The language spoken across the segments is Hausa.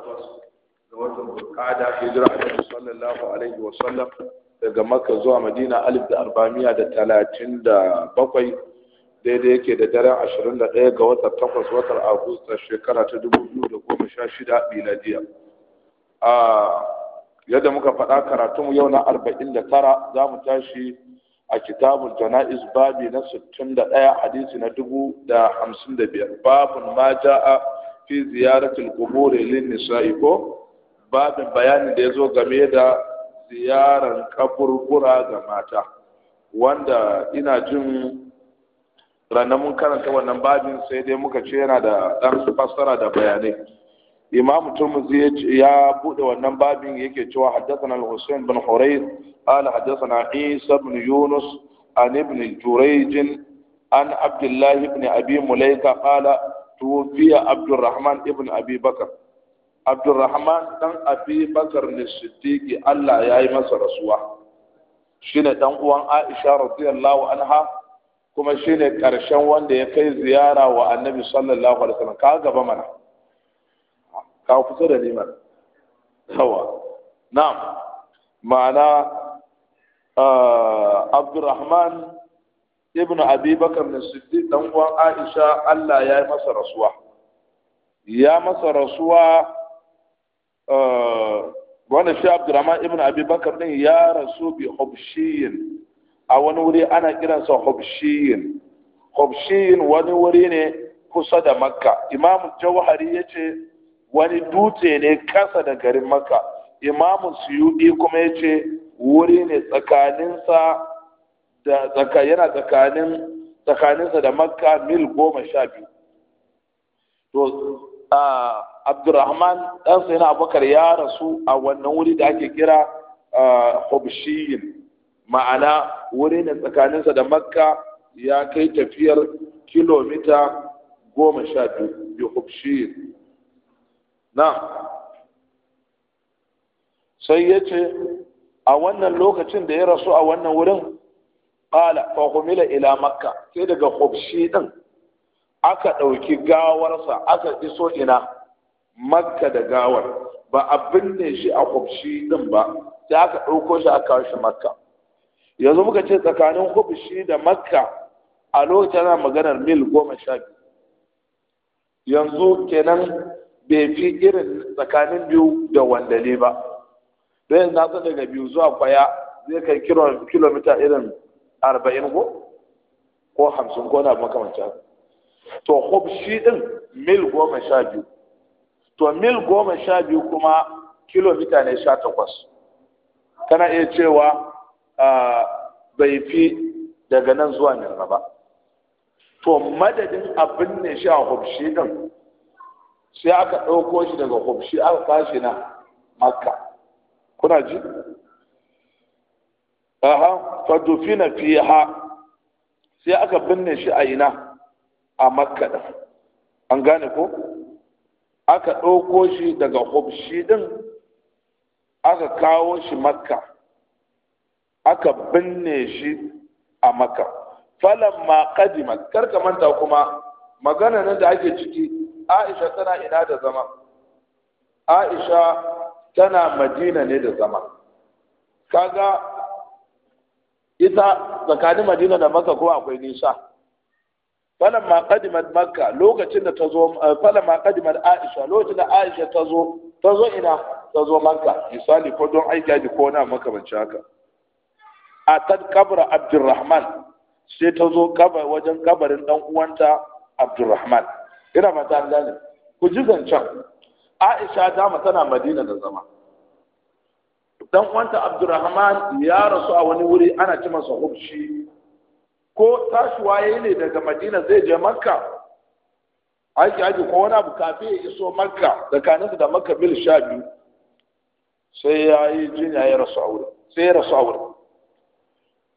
takwas ga watan Bulqada hijira sallallahu alaihi wa sallam daga Makka zuwa Madina alif da arba'amiya da talatin da bakwai daidai yake da daren ashirin da ɗaya ga watan takwas watan Agusta shekara ta dubu biyu da goma sha shida miladiya. yadda muka faɗa karatun yau na arba'in da tara za mu tashi a kitabun jana'iz babi na sittin da ɗaya hadisi na dubu da hamsin da biyar babun ma ja'a fi ziyaratul qubur lin nisa'i ko babin bayanin da yazo game da ziyaran kaburbura ga mata wanda ina jin ranar mun karanta wannan babin sai dai muka ce yana da dan fassara da bayanai imam turmuzi ya bude wannan babin yake cewa haddathana al-husayn bin hurayth qala haddathana isa bin yunus an ibn jurayj an Abdullahi ibn abi tuwfiya Abdurrahman ibn Abi Bakar Abdurrahman dan Abibakar Bakar ne Siddiqi Allah ya yi masa rasuwa shine dan uwan Aisha radiyallahu anha kuma shine karshen wanda ya kai ziyara wa Annabi sallallahu alaihi wasallam ka gaba mana ka kusa da ni mana yawa na'am ma'ana Abdurrahman ibnu abi bakar ne siddiq dan uwan aisha Allah ya yi masa rasuwa ya masa rasuwa eh, wannan shi abdurrahman ibnu abi bakar din ya rasu bi hubshiyin a wani wuri ana kiransa hubshiyin hubshiyin wani wuri ne kusa da makka imamu jawhari yace wani dutse ne kasa da garin makka imamu suyudi kuma yace wuri ne tsakaninsa da tsaka yana tsakanin tsakaninsa da makka mil goma sha biyu to abdurrahman ɗansa yana abubakar ya rasu a wannan wuri da ake kira hobshiyin ma'ana wuri ne tsakaninsa da makka ya kai tafiyar kilomita goma sha biyu bi hobshiyin na sai ya ce a wannan lokacin da ya rasu a wannan wurin qala fa humila ila makka sai daga hubshi din aka dauki gawarsa aka iso ina makka da gawar ba abin ne shi a hubshi din ba sai aka dauko shi aka kawo shi makka yanzu muka ce tsakanin hubshi da makka a lokacin ana maganar mil goma sha yanzu kenan bai fi irin tsakanin biyu da wandale ba don yanzu na daga biyu zuwa kwaya zai kai kilomita irin arba'in ko ko hamsin ko na makamanci to to shi din mil goma sha biyu to mil goma sha biyu kuma kilomita ne sha takwas kana iya cewa bai fi daga nan zuwa nan ba to madadin abin ne sha shi din sai aka ɗauko shi daga shi aka kashi na makka kuna ji aha fa dufina fiha sai aka binne shi a ina a makka da an gane ko aka ɗauko shi daga hubshi din aka kawo shi makka aka binne shi a makka ma qadima karka manta kuma magana nan da ake ciki aisha tana ina da zama aisha tana madina ne da zama kaga ita tsakanin madina da makka ko akwai nisa falan ma qadimat makka lokacin da ta zo eh, falan ma qadimat aisha lokacin da aisha ta zo ta zo ina ta zo makka misali ko don aiki aji ko na bance haka a tad kabra abdurrahman sai ta zo kabar wajen kabarin dan uwanta abdurrahman ina mata an gane ku ji zancen aisha dama tana madina da zama dan uwanta abdurrahman ya rasu a wani wuri ana ci masa hubshi ko tashi waye ne daga madina zai je makka aiki aiki ko wani abu kafi ya iso makka tsakaninsu da makka mil sha biyu sai ya yi jinya ya rasu a wuri sai ya rasu a wuri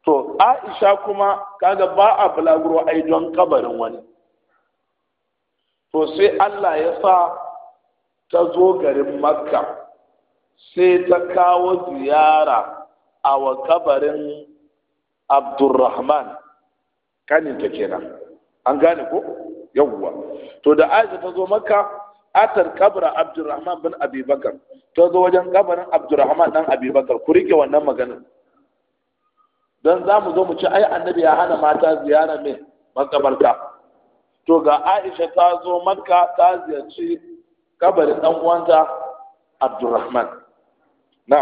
to aisha kuma kaga ba a bulaguro ai don kabarin wani to sai allah ya sa ta zo garin makka sai ta kawo ziyara a wa kabarin abdurrahman kaninta kenan an gane ko yawwa to da aisha ta zo makka atar kabra abdurrahman bin abubakar ta zo wajen kabarin abdurrahman dan abubakar ku rike wannan maganin don za mu zo mu ci ai annabi ya hana mata ziyara mai makabarta to ga aisha ta zo makka ta ziyarci kabarin dan uwanta abdurrahman na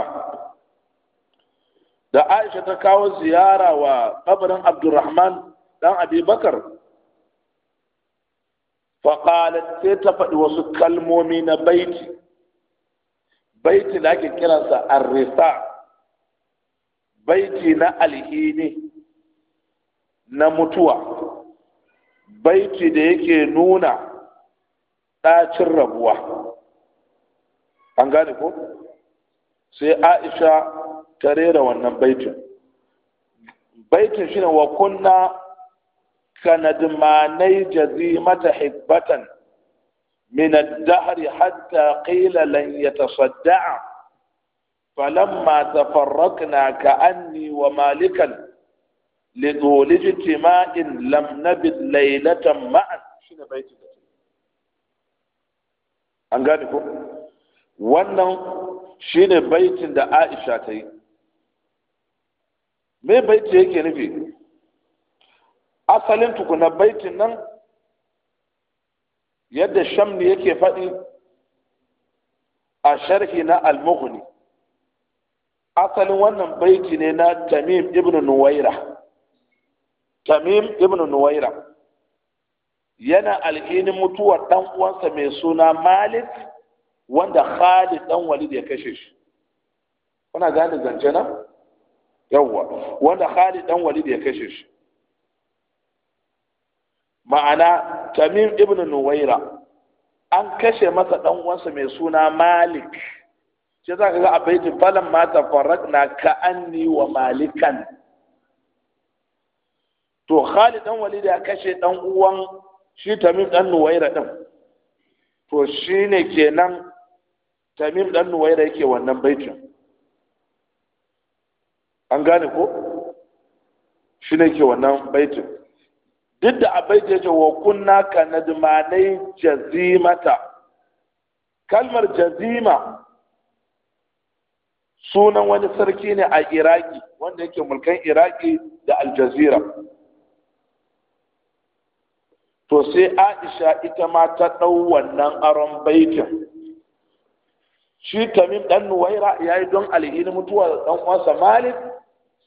da aisha ta kawo ziyara wa kabarin abdurrahman dan abubakar faƙalat sai ta faɗi wasu kalmomi na baiti baiti da ake kiransa arrisa baiti na alhini na mutuwa baiti da yake nuna ɗacin rabuwa an gane ko sai aisha ta rera wannan baitin baitin shine wa kunna kanadmanai jazimata hibbatan من hatta حتى قيل لن يتصدع فلما تفرقنا كأني ومالكا لطول اجتماع لم نبت ليلة معا شنو بيت an gane wannan shine baitin da Aisha ta yi me baiti yake nufi asalin tukuna baitin nan yadda shamni yake faɗi a sharhi na al asalin wannan baiti ne na tamim ibn nuwaira tamim ibn nuwaira yana alhinin mutuwar dan uwansa mai suna malik wanda Khalid dan Walid ya kashe shi kuna gane zance na yawa wanda Khalid dan Walid ya kashe shi ma'ana Tamim ibn Nuwaira an kashe masa dan uwansa mai suna Malik sai za ka ga a falan ma tafarrakna ka anni wa malikan to Khalid dan Walid ya kashe dan uwan shi Tamim dan Nuwaira din to shine kenan tamim dan nuwaira yake wannan baitin an gane ko shi ne ke wannan baitin duk da abai da yake wa kunna ka nadmanai jazimata kalmar jazima sunan wani sarki ne a iraki wanda yake mulkan iraki da aljazira to sai aisha ita ma ta ɗau wannan aron baitin shi tamim dan nuwaira ya yi don alhini mutuwar da dan uwansa malik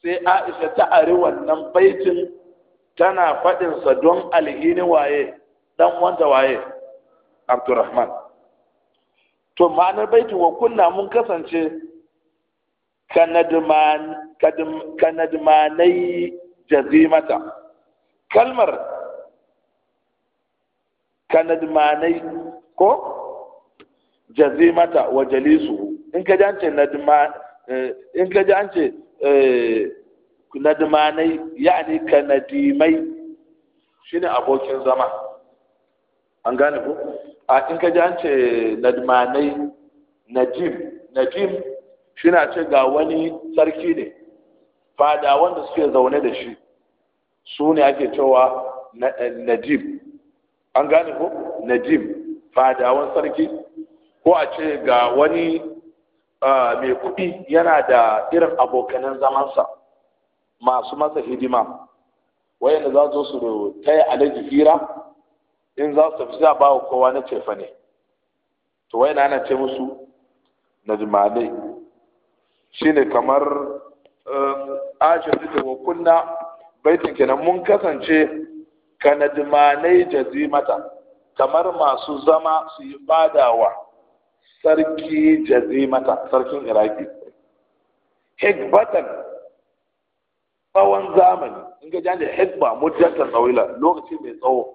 sai aisha ta ari wannan baitin tana faɗinsa don alhini waye dan wanda waye abdurrahman to ma'anar baitin wa kunna mun kasance kanadmanai jazimata kalmar kanadmanai ko jazimata wa jalisu in ka ji ce nadma in ka ji an ce nadmanai eh, eh, yani ka nadimai shine abokin zama an gane ku? a in ka ji ce nadmanai najim najim shine a ce ga wani sarki ne fada wanda suke zaune da shi su ne ake cewa najim eh, an gane ku? najim fadawan sarki ko a ce ga wani mai kuɗi yana da irin abokanin zamansa masu masa hidima wayanda za zo su ta yi alaji hira in za su tafi za ba wa kowa na cefa ne to wayanda ana ce musu Shi ne kamar um, ajin da wa kunna baitin kenan mun kasance ka najmalai jazimata kamar masu zama su yi badawa sarki jazimata sarkin iraki hikbatan tsawon zamani in ga jani hikba mujjatan tsawila lokaci mai tsawo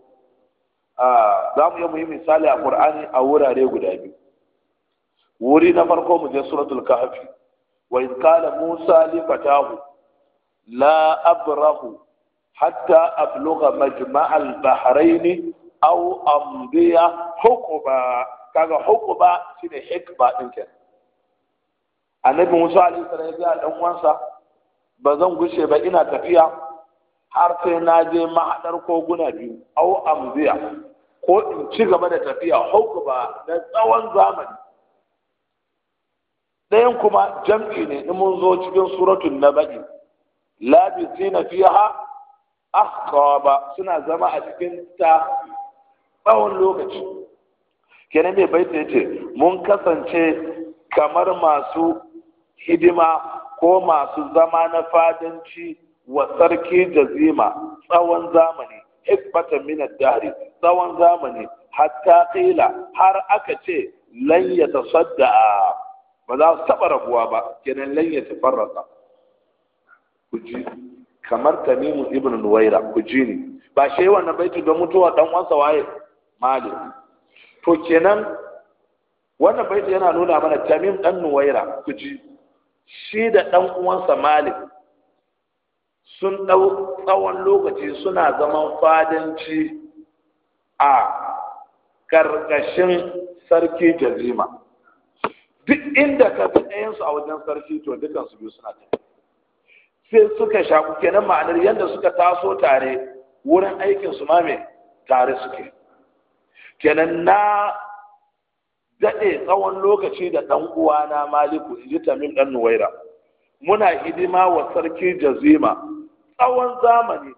ah, za mu yi mu misali a ƙur'ani a wurare guda biyu wuri na farko mu je suratul kahfi wa in qala musa li fatahu la abrahu hatta ablugha majma'al bahraini aw amdiya hukuma kaga hukuba shine hikba din ke annabi Musa alaihi salam ya dan uwansa ba zan gushe ba ina tafiya har sai na je mahadar koguna biyu au amziya ko in ci gaba da tafiya hukuba da tsawon zamani ɗayan kuma jam'i ne in mun zo cikin suratun na baƙi labisi na fiha ahqaba suna zama a cikin ta tsawon lokaci kenan mai baita ya ce mun kasance kamar masu hidima ko masu zama na fadanci wa sarki jazima tsawon zamani ikbata minar dahri tsawon zamani hatta kila har aka ce lan a ba za su taɓa rabuwa ba kenan lan yatafarraqa ku kuji kamar tamimu ibn nuwaira kuji ne ni ba shi wannan baiti don mutuwa dan wasa waye malik to kenan wannan baiti yana nuna mana tamim dan nuwaira ku shi da dan uwansa malik sun dau tsawon lokaci suna zaman fadanci a karkashin sarki jazima duk inda ka bi ɗayansu a wajen sarki to dukansu biyu suna tafi sai suka shaku kenan ma'anar yadda suka taso tare wurin aikin su ma tare suke kenan na daɗe tsawon lokaci da ɗan uwana maliku in ji ɗan nuwaira muna hidima wa sarki jazima tsawon zamani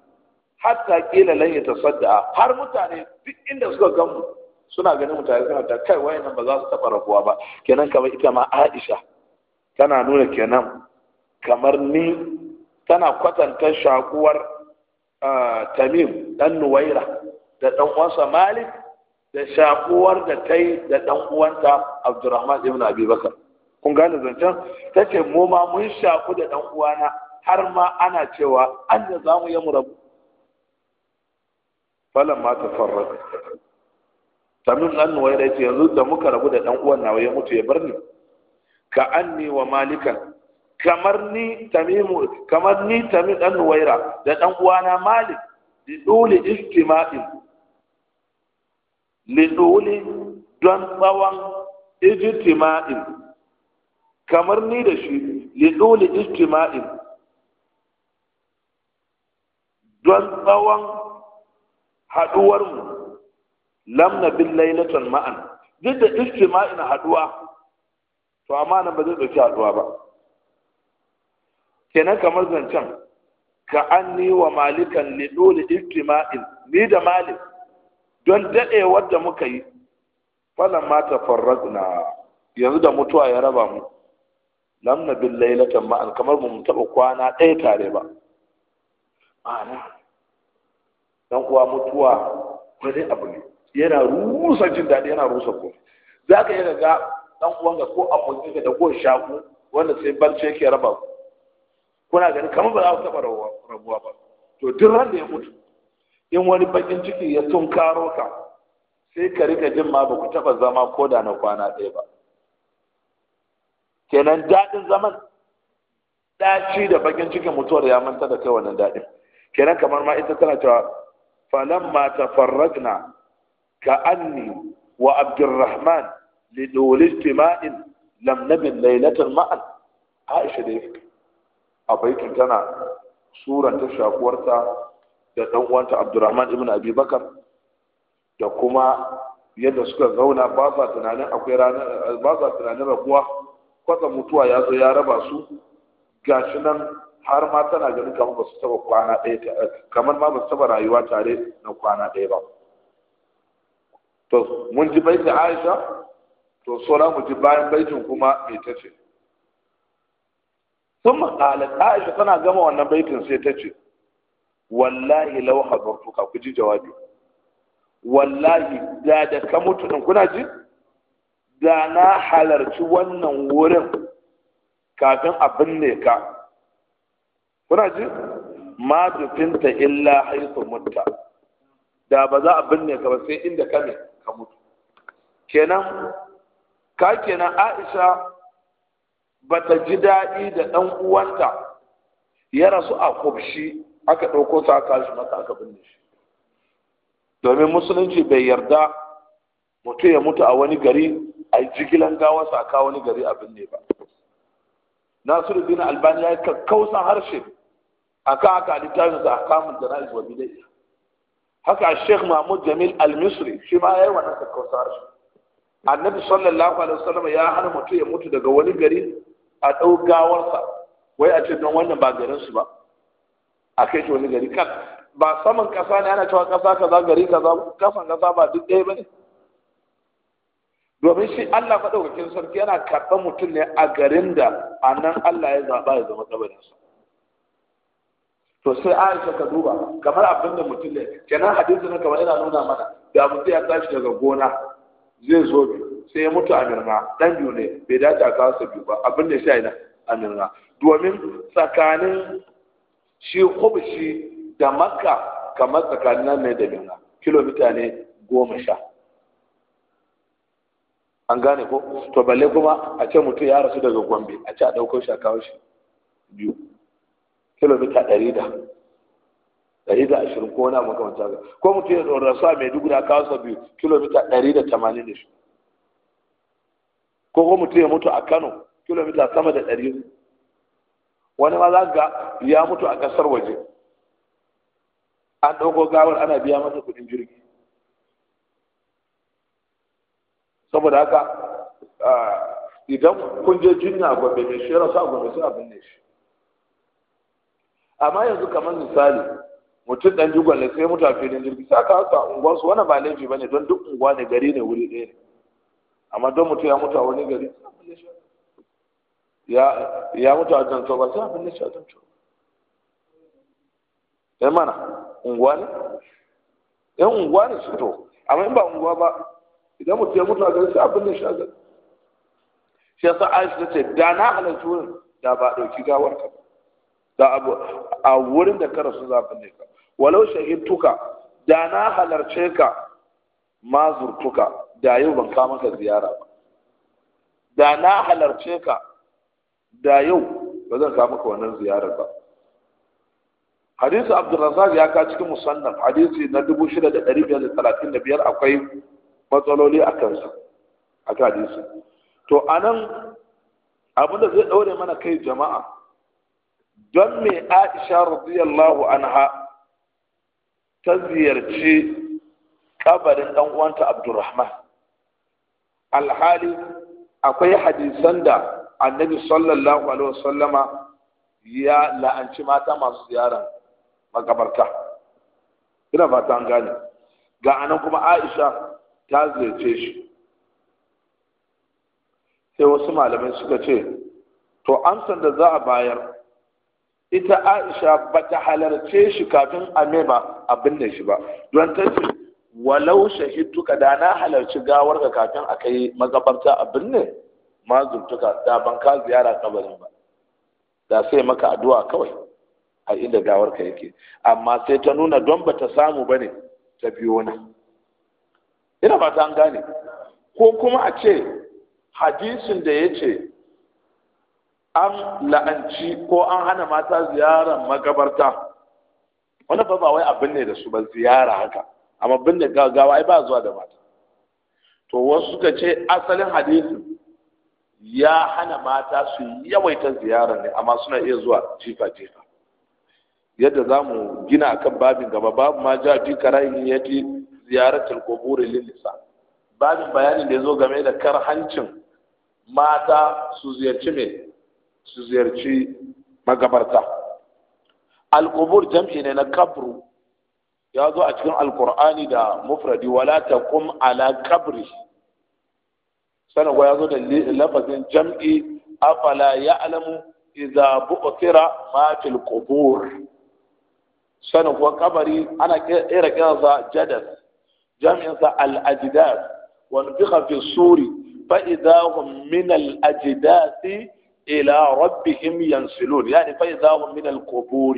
hatta kila lan yatasadda har mutane duk inda suka gamu suna ganin mutane suna ta kai wayannan ba za su taɓa rabuwa ba kenan kamar ita ma Aisha tana nuna kenan kamar ni tana kwatanta shakuwar ah, Tamim dan Nuwaira da dan uwansa Malik da shakuwar da ta yi da ɗan uwanta abdurrahman ibn abi bakar kun gane zancen ta ce mu ma mun shaku da ɗan uwana har ma ana cewa an da za mu yi mu rabu falan ma ta farraka tamim nan nuwai da ce yanzu da muka rabu da ɗan uwan nawa ya mutu ya bar ni ka ni wa malikan kamar ni tamimu kamar ni tamim nuwaira da ɗan uwana malik Di dole istima'in lidoli don tsawon ijtima'in kamar ni da shi lidoli ijtima'in don tsawon haduwarmu lam na bin lailatan ma'an duk da ijtima'in haduwa to amma nan ba zai dauki haduwa ba kenan kamar zancen ka anni wa malikan lidoli ijtima'in ni da malik don daɗe wadda muka yi falan ma na, yanzu da mutuwa ya raba mu lam bin lailatan ma'an kamar mu taɓa kwana ɗaya tare ba ma'ana dan uwa mutuwa wani abu ne yana rusa jin daɗi yana rusa ko za ka yi ga uwan ga ko abokin ka da ko shaku wanda sai balce yake raba ku kuna gani kamar ba za ku taɓa rabuwa ba to duk ran da ya mutu in wani bakin ciki ya tunkaro ka sai ka rika jin ma ba ku taɓa zama ko da na kwana ɗaya ba kenan daɗin zaman ɗaci da bakin cikin mutuwar ya manta da kai wannan daɗin kenan kamar ma ita tana cewa ta tafarrajna ka anni wa abdurrahman li dole istima'in lam nabil ma'an aisha da fi a baitin tana suranta shakuwarta da ɗan uwanta Abdurrahman ibn Abi Bakar da kuma yadda suka zauna ba sa tunanin akwai ranar ba sa tunanin rabuwa kwatsa mutuwa ya zo ya raba su gashi nan har ma tana ganin kamar ba su taba kwana ɗaya kamar ma ba su taba rayuwa tare na kwana ɗaya ba to mun ji baiti Aisha to sora mu ji bayan baitin kuma me tace sun makalar Aisha tana gama wannan baitin sai ta ce wallahi law hadartuka ku ji jawabi wallahi da da ka mutu din kuna ji da na halarci wannan wurin kafin a binne ka kuna ji ma dufinta illa haitu mutta da ba za a binne ka ba sai inda ka ne ka mutu kenan ka kenan Aisha bata ji daɗi da ɗan uwanta ya rasu a kubshi aka ɗauko su aka shi maka aka binne shi domin musulunci bai yarda mutum ya mutu a wani gari a yi jigilan gawarsa a kawo wani gari a binne ba Nasiru nasiruddin albani ya yi kakkausa harshe a aka aka littafin sa akamun jana'iz wa bidai haka sheikh mahmud jamil al-misri shi ma ya yi wannan kakkausa harshe annabi sallallahu alaihi wasallam ya hana mutum ya mutu daga wani gari a ɗau gawarsa wai a ce don wannan ba garinsu ba a kai shi wani gari kan ba saman kasa ne ana cewa kasa kaza gari kaza kasan kasa ba duk ɗaya ba ne domin shi Allah maɗaukakin sarki yana karɓar mutum ne a garin da a nan Allah ya zaɓa ya zama tsabarinsa to sai Aisha ka duba kamar abin da mutum ne kenan hadisi na kamar yana nuna mana da mutum ya tashi daga gona zai zo bi sai ya mutu a mirna dan biyu ne bai dace a kawo sa biyu ba abin da shi a mirna domin tsakanin shi hubshi da makka kamar tsakanin nan ne da mina kilomita ne goma sha an gane ko to balle kuma a ce mutum ya rasu daga gombe a ce a ɗaukar shi a kawo shi biyu kilomita ɗari da ɗari da ashirin ko wani abin kamar haka ko mutum ya rasu a maiduguri a kawo sa biyu kilomita ɗari da tamanin da shi ko ko mutum ya mutu a kano kilomita sama da ɗari wani ma za ga ya mutu a ƙasar waje an ɗauko gawar ana biya masa kuɗin jirgi saboda haka idan kun je jinya a gobe ne shi rasu a gobe sai abin ne shi amma yanzu kamar misali mutum ɗan jigon da sai mutu a filin jirgi sai aka hasa unguwarsu wani ba laifi ba ne don duk unguwa ne gari ne wuri ɗaya ne amma don mutum ya mutu a wani gari sai abin ne shi ya mutu a janto ba sai a binne shi a janto sai eh mana unguwa ne yan eh unguwa ne su to in ba unguwa ba idan mutum ya mutu a gari sai a binne shi a aisha ta ce da na halarci wurin da ba a ɗauki gawar ka da a wurin da kara su zaɓin ne ka walau shahidtuka da na halarce ka mazurtuka da yau ban ziyara ba da da yau ba zan samu ka wannan ziyarar ba hadisi abdulrazak ya ka cikin musannaf hadisi na 6535 akwai matsaloli a kansa a kan hadisi to anan abin da zai daure mana kai jama'a don me aisha radiyallahu anha ta ziyarci kabarin dan uwanta abdurrahman alhali akwai hadisan da annabi sallallahu alaihi wasallama ya la'anci mata masu ziyara makabarta ina fata an gane ga anan kuma Aisha ta ziyarce shi sai wasu malamai suka ce to amsan da za a bayar ita Aisha ba ta halarce shi kafin ame ba abin da shi ba don ta ce walau ka da na halarci gawar ka kafin a kai makabarta abin ne ma zurtuka da ban ka ziyara kabarin ba da sai maka addu'a kawai a inda gawar ka yake amma sai ta nuna don ba ta samu ba ne ta biyo na ina ba ta gane ko kuma a ce hadisin da ya ce an la'anci ko an hana mata ziyarar magabarta wani ba abin ne da su ba ziyara haka amma bin da gawa ai ba zuwa da mata to wasu suka ce asalin hadisin ya hana mata su yawaita ziyara ne amma suna iya zuwa jifa jifa yadda za mu gina kan babin gaba babu ma ja fi karayin ya fi ziyarar lil nisa babin bayanin da ya zo game da hancin mata su ziyarci me su ziyarci magabarta Alkubur jam'i ne na kabru ya zo a cikin alkur'ani da mufradi wala kum ala kabri sanin ya zo da lafazin jam'i afala ya'lamu idza bu'thira ma fil qubur sanin kuwa kabari ana kira kiransa jadas jam'in sa al ajdas wa nufiqa fi suri fa idza hum min al ajdasi ila rabbihim yansilun yani fa idza hum min al qubur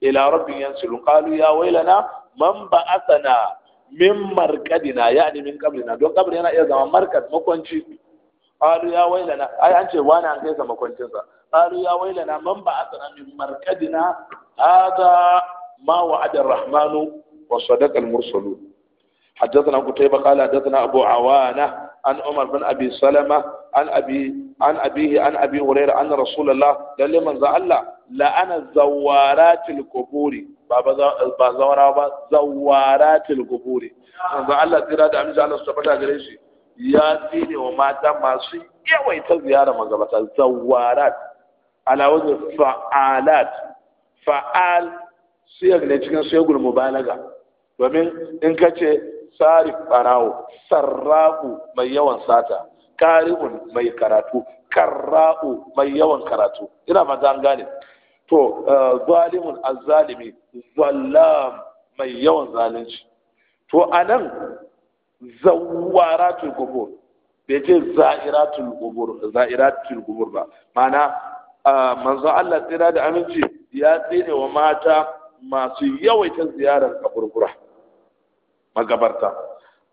ila rabbihim yansilun qalu ya waylana man ba'athana min markadina ya min kabrina don kabri yana iya zama markad makwanci qalu ya wailana ai an ce wani an kai sa makwancinsa qalu ya wailana man ba asana min markadina hada ma wa'ada ar-rahmanu wa sadaqa al-mursalun حدثنا قتيبة قال حدثنا أبو عوانة an Umar bin Abi Salama an Abi an Abihi an Abi Hurairah an Rasulullah lalle manzo Allah la'ana zawaratil Kuburi, ba ba zawara ba zawaratil Kuburi. manzo Allah tsira da amince Allah subhanahu wa gare shi ya tsine wa mata masu yawaita ziyara magabata zawarat ala wajhi fa'alat fa'al siyar ne cikin siyagul mubalaga domin in ka ce sarif barawo sarrafu mai yawan sata karibun mai karatu karra'u mai yawan karatu ina fata an gane to eh, zalimun azzalimi zallam mai yawan zalunci to anan zawaratul gubur bai ce za'iratul gubur za'iratul gubur ba ma'ana eh, manzo Allah tsira da aminci ya tsere wa mata masu yawaitan ziyarar kaburbura magabarta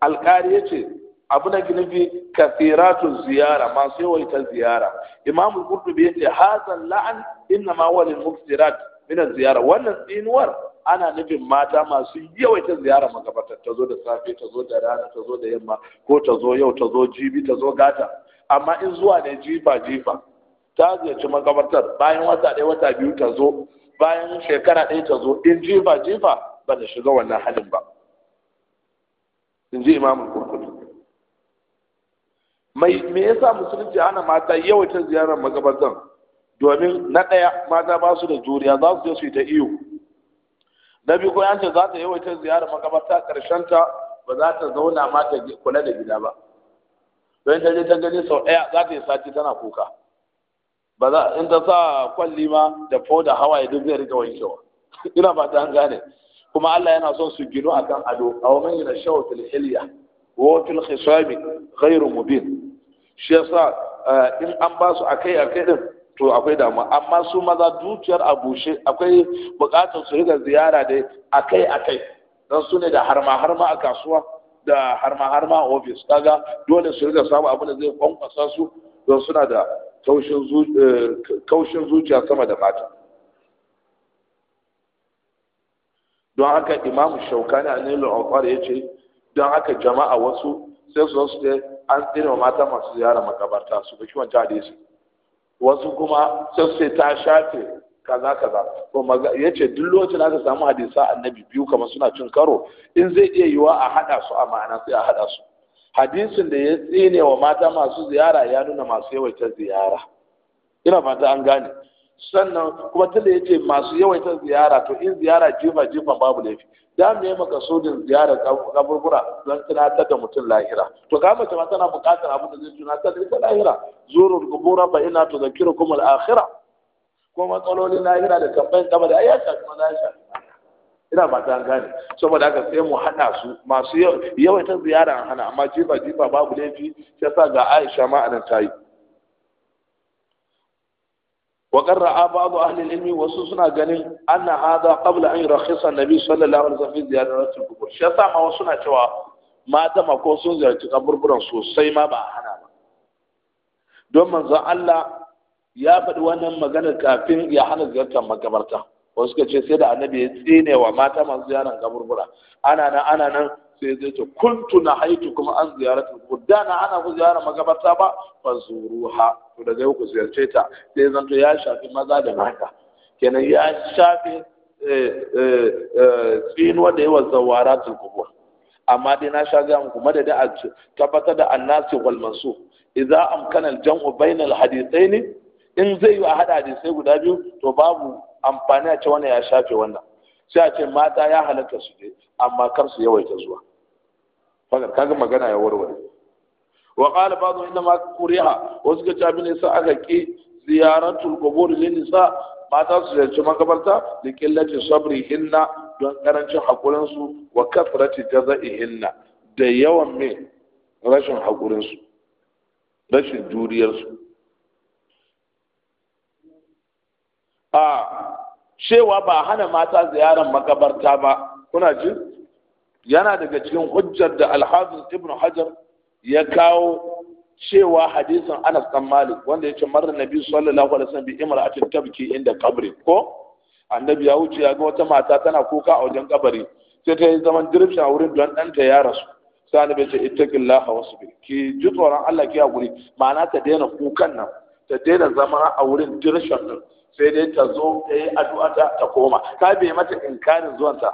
alƙari ya ce abu na ginifi kasiratun ziyara masu yawaita ziyara imam qurtubi ya ce hazan la'an inna ma wani mufsirat min ziyara wannan tsinuwar ana nufin mata masu yawaita ziyara magabarta ta zo da safe ta zo da rana ta zo da yamma ko ta zo yau ta zo jibi ta zo gata amma in zuwa ne jifa jifa ta ziyarci magabartar bayan wata ɗaya wata biyu ta zo bayan shekara ɗaya ta zo in jifa jifa ba da shiga wannan halin ba in ji imamul kurkutu mai me yasa musulunci ana mata yawaitar ziyarar magabatan domin na ɗaya mata ba su da juriya za su je su yi ta iyo na biyu ko yace za ta yawaitar ziyarar magabata karshen ta ba za ta zauna ma ta kula da gida ba don ta je ta gani sau ɗaya za ta yi sati tana kuka ba za in ta sa kwalli ma da fo hawa hawaye duk zai rika wankewa ina ba ta an gane kuma Allah yana son su gino akan ado a wani yashaw fil hilya wa khisami ghayr mubin shi yasa eh, in an ba su akai akai din to akwai damuwa amma su maza dukiyar a bushe akwai bukatar su riga ziyara da akai akai dan su ne da harma harma a kasuwa da harma harma a ofis kaga dole su riga samu abin da zai kwankwasa su don suna da kaushin eh, zuciya sama da mata don haka imam shaukani a nilo alfar ya ce don haka jama'a wasu sai su su ce an mata masu ziyara makabarta su baki wancan hadisi wasu kuma sai su ta shafe kaza kaza ko ya ce duk lokacin aka samu hadisa annabi biyu kamar suna cin karo in zai iya yiwa a haɗa su a ma'ana sai a haɗa su hadisin da ya tsine wa mata masu ziyara ya nuna masu yawaitar ziyara ina fata an gane sannan kuma tunda ce masu yawaita ziyara to in ziyara jifa jifa babu laifi da mu yi maka sojin ziyara kaburbura don tunatar da mutum lahira to ga mace ma tana buƙatar abin da zai tunatar da ita lahira zurul qubura fa inna tudhakkirukum kuma al'akhira ko matsalolin lahira da tambayin kama da ayyar shafi ma lahira ina ba ta gane saboda haka sai mu hana su masu yawaita ziyara hana amma jifa jifa babu laifi sai sa ga Aisha ma anan ta yi wa qarra ba'du ahli al wasu suna ganin ana aza kabla an yurakhisa nabi sallallahu alaihi wasallam fi ziyaratil qubur shi yasa ma wasu na cewa ma ko sun ziyarci kaburburan sosai ma ba hana ba don manzon Allah ya faɗi wannan maganar kafin ya hana ziyartar makabarta wasu ka sai da annabi ya tsine wa mata masu ziyarar kaburbura sai zai ce kuntu na haitu kuma an ziyarata da na ana ku ziyara magabata ba zuru zuruha to da zai ku ziyarce ta sai zan to ya shafi maza da mata kenan ya shafi eh, eh, eh, tsinuwa da yawan zawara tulkubuwa amma dai na sha gaya muku madadin a tabbatar da annasi wal mansu idan amkana al-jam'u bayna al ne in zai yi a hada hadisai guda biyu to babu amfani a ce wannan ya shafe wannan sai a ce mata ya halatta su je amma kar su yawaita zuwa fagar kaga magana ya warware wa qala ba'dhu inna ma kuriha wasu ga tabi ne sa aka ki ziyaratul qubur lin nisa mata su ziyarci makabarta da sabri sabrihinna don ƙarancin hakurin su wa kasrati jaza'ihinna da yawan me rashin hakurin su rashin juriyar su a cewa ba hana mata ziyarar makabarta ba kuna ji yana daga cikin hujjar da alhazin ibn hajar ya kawo cewa hadisin anas dan malik wanda ya ce marar nabi sallallahu alaihi wasallam bi imra'atin tabki inda qabri ko annabi ya wuce ya ga wata mata tana kuka a wajen kabari sai ta yi zaman dirbshin a wurin don ɗanta ya rasu sai annabi ya ce wa sabir ki ji tsoron Allah ki hakuri ma'ana ta daina kukan nan ta daina zama a wurin nan, sai dai ta zo ta yi addu'a ta koma ka bai mata inkarin zuwanta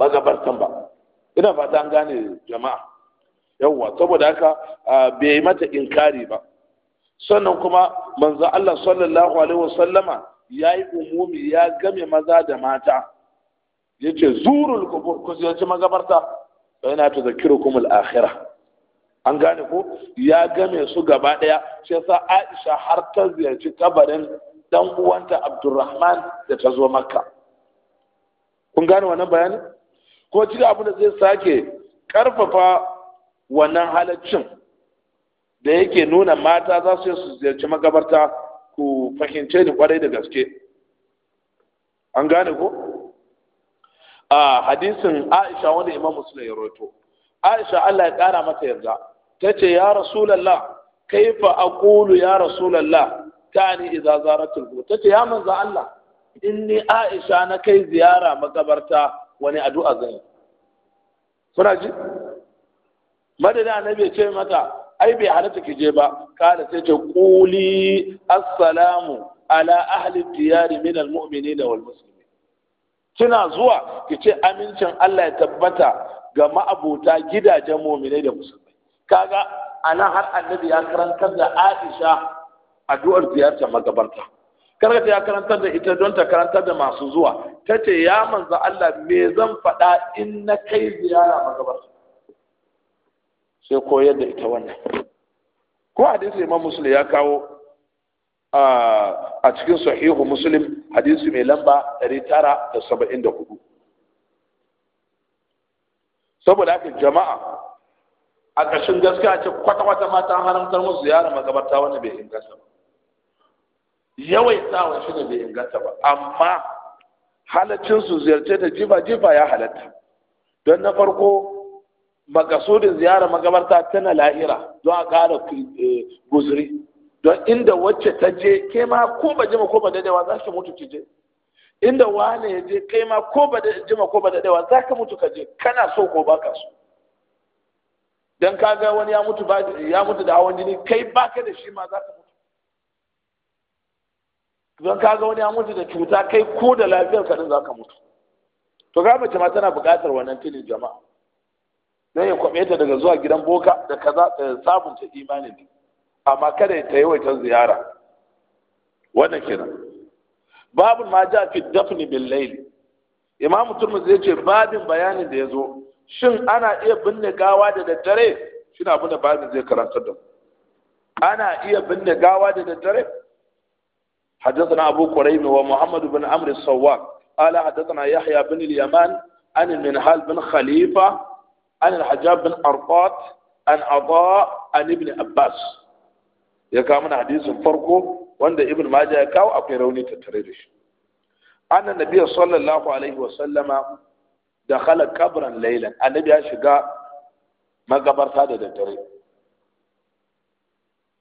Ba magabatan ba ina fata an gane jama'a yawwa saboda haka bai mata inkari ba sannan kuma manzo Allah sallallahu alaihi wasallama yayi umumi ya game maza da mata yace zurul kubur ku ziyarci magabarta fa ta tuzakkirukum al-akhirah an gane ko ya game su gaba daya sai sa Aisha har ta ziyarci kabarin dan uwanta Abdurrahman da ta zo Makka kun gane wannan bayanin? ko cikin abin da zai sake karfafa wannan halaccin da yake nuna mata za su su ziyarci magabarta ku fahimce ni kwarai da gaske an gane ko a hadisin aisha wanda imam musulun ya roto aisha allah ya kara mata yarda ta ce ya rasulallah kaifa aqulu ya rasulallah tani idza zaratul ta ce ya manzo allah inni aisha na kai ziyara magabarta wani addu'a zan yi kuna ji madadin annabi ya ce mata ai bai halatta ki je ba kada sai ce quli assalamu ala ahli diyari min almu'minina wal muslimin kina zuwa ki ce amincin Allah ya tabbata ga ma'abota gidajen mu'minai da musulmai kaga ana har annabi ya karantar da Aisha addu'ar ziyarta magabarta karanta ya karantar da ita don ta karantar da masu zuwa ta ce ya manzo Allah me zan faɗa in na kai ziyara magabar sai koyar da ita wannan ko hadisi imam muslim ya kawo a cikin sahihu muslim hadisi mai lamba 974 saboda haka jama'a a ƙarshen gaskiya ce kwata-kwata mata haramtar musu ziyara magabarta wanda bai inganta ba yawaitawa shi ne bai inganta ba amma halaccinsu ziyarce da jifa jifa ya halatta don na farko makasudin ziyara magabarta tana lahira don a ƙara eh, guzuri don inda wacce ta je kai ma ko ba jima ko ba dadewa za ka mutu je inda wane ya je kai ma ko ba jima ko ba dadewa za ka mutu ka je kana so ko ba ka so don ka ga wani ya mutu da hawan jini kai baka da shi ma za ka don kaga wani ya mutu da cuta kai ko da lafiyar ka din ka mutu to ga mace ma tana buƙatar wannan tilin jama'a don ya kwabe ta daga zuwa gidan boka da kaza ta sabunta imanin ne amma kada ta yi yawaita ziyara wannan kenan babu ma ja fi dafni bil layl imam ya ce babin bayanin da ya zo. shin ana iya binne gawa da daddare shine abin da babin zai karantar da ana iya binne gawa da daddare حدثنا أبو قريب ومحمد بن عمرو الصواق قال حدثنا يحيى بن اليمان عن المنهال بن خليفة عن الحجاب بن أرطات عن عطاء عن ابن عباس ya kawo mana hadisin farko wanda ibn majah ya kawo akwai rauni tattare da shi annan nabiya sallallahu alaihi wa sallama da khala kabran laylan annabi ya shiga magabarta da daddare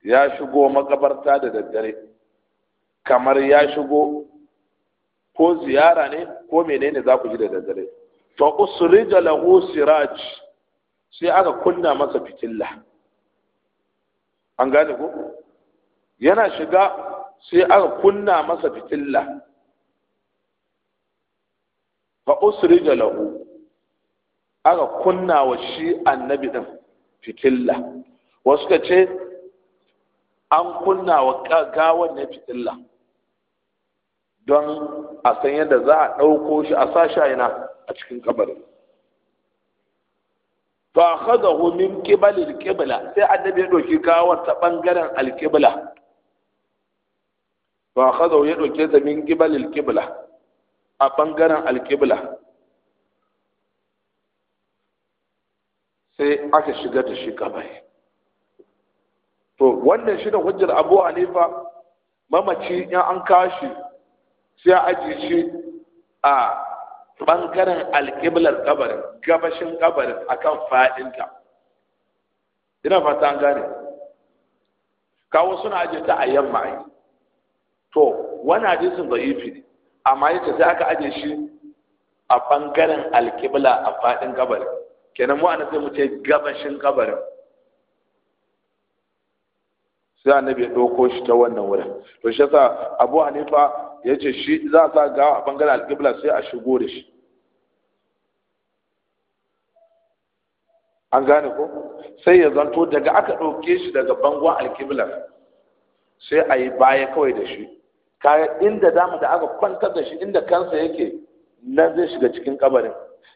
ya shigo magabarta da daddare kamar ya shigo ko ziyara ne ko menene za ku ji da daddare fa usrija lahu siraj sai aka kunna masa fitilla an gane ko yana shiga sai aka kunna masa fitilla fa usrija lahu aka kunna wa shi annabi din fitilla wasu ka ce an kunna wa gawar ne fitilla don a san yadda za a ɗauko shi a sa sha ina a cikin kabarin to a haza min kibalil kibla sai annabi ya ɗauki gawar ta ɓangaren alkibla to a haza ya ɗauke ta min kibalil kibla a ɓangaren alkibla sai aka shiga da shi kabari to wannan shi da hujjar abu hanifa mamaci in an kashi sai aji ajiye shi a ɓangaren alƙiblar kabarin gabashin kabarin akan fadinta. ina fata an gane kawo suna ajiye ta a yamma ai to wani hadisin da yi fi, amma yace sai aka ajiye shi a ɓangaren alƙibla a fadin kabarin kenan mu ana sai mu ce gabashin kabarin sai annabi ya ɗauko shi ta wannan wurin to shi yasa abu hanifa ya ce shi za a sa gawa a bangaren alƙibla sai a shigo da shi an gane ko sai ya zanto daga aka ɗauke shi daga bangon alƙibla sai a yi baya kawai da shi kaya inda dama da aka kwantar da shi inda kansa yake nan zai shiga cikin kabarin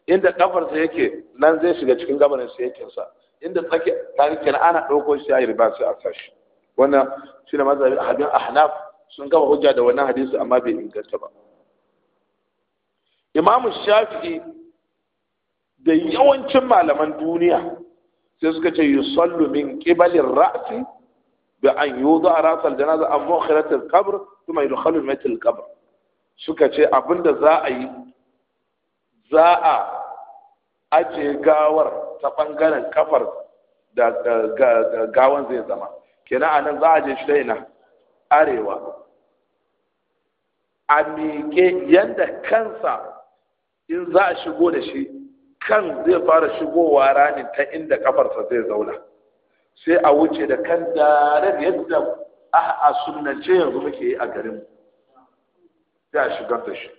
inda kafarsa yake nan zai shiga cikin kabarin sai yake sa inda tsaki tarihi ana ɗauko shi a yi riba sai a sa shi wannan shi ne mazhabin ahnaf sun gama hujja da wannan hadisi amma bai inganta ba imamu shafi'i da yawancin malaman duniya sai suka ce sallu min ƙibalin ra'asi da an za ra'sal janaza a kabar su kuma yudkhalu metal kabar. suka ce abinda za a yi za a ajiye gawar ta bangaren kafar da gawan zai zama kenan anan za a je shi da ina arewa a miƙe yadda kansa in za a shigo da shi kan zai fara shigowa ranin ta inda kafarsa zai zauna sai a wuce da kan dare yadda a sunance yanzu muke yi a garin sai a shigar da shi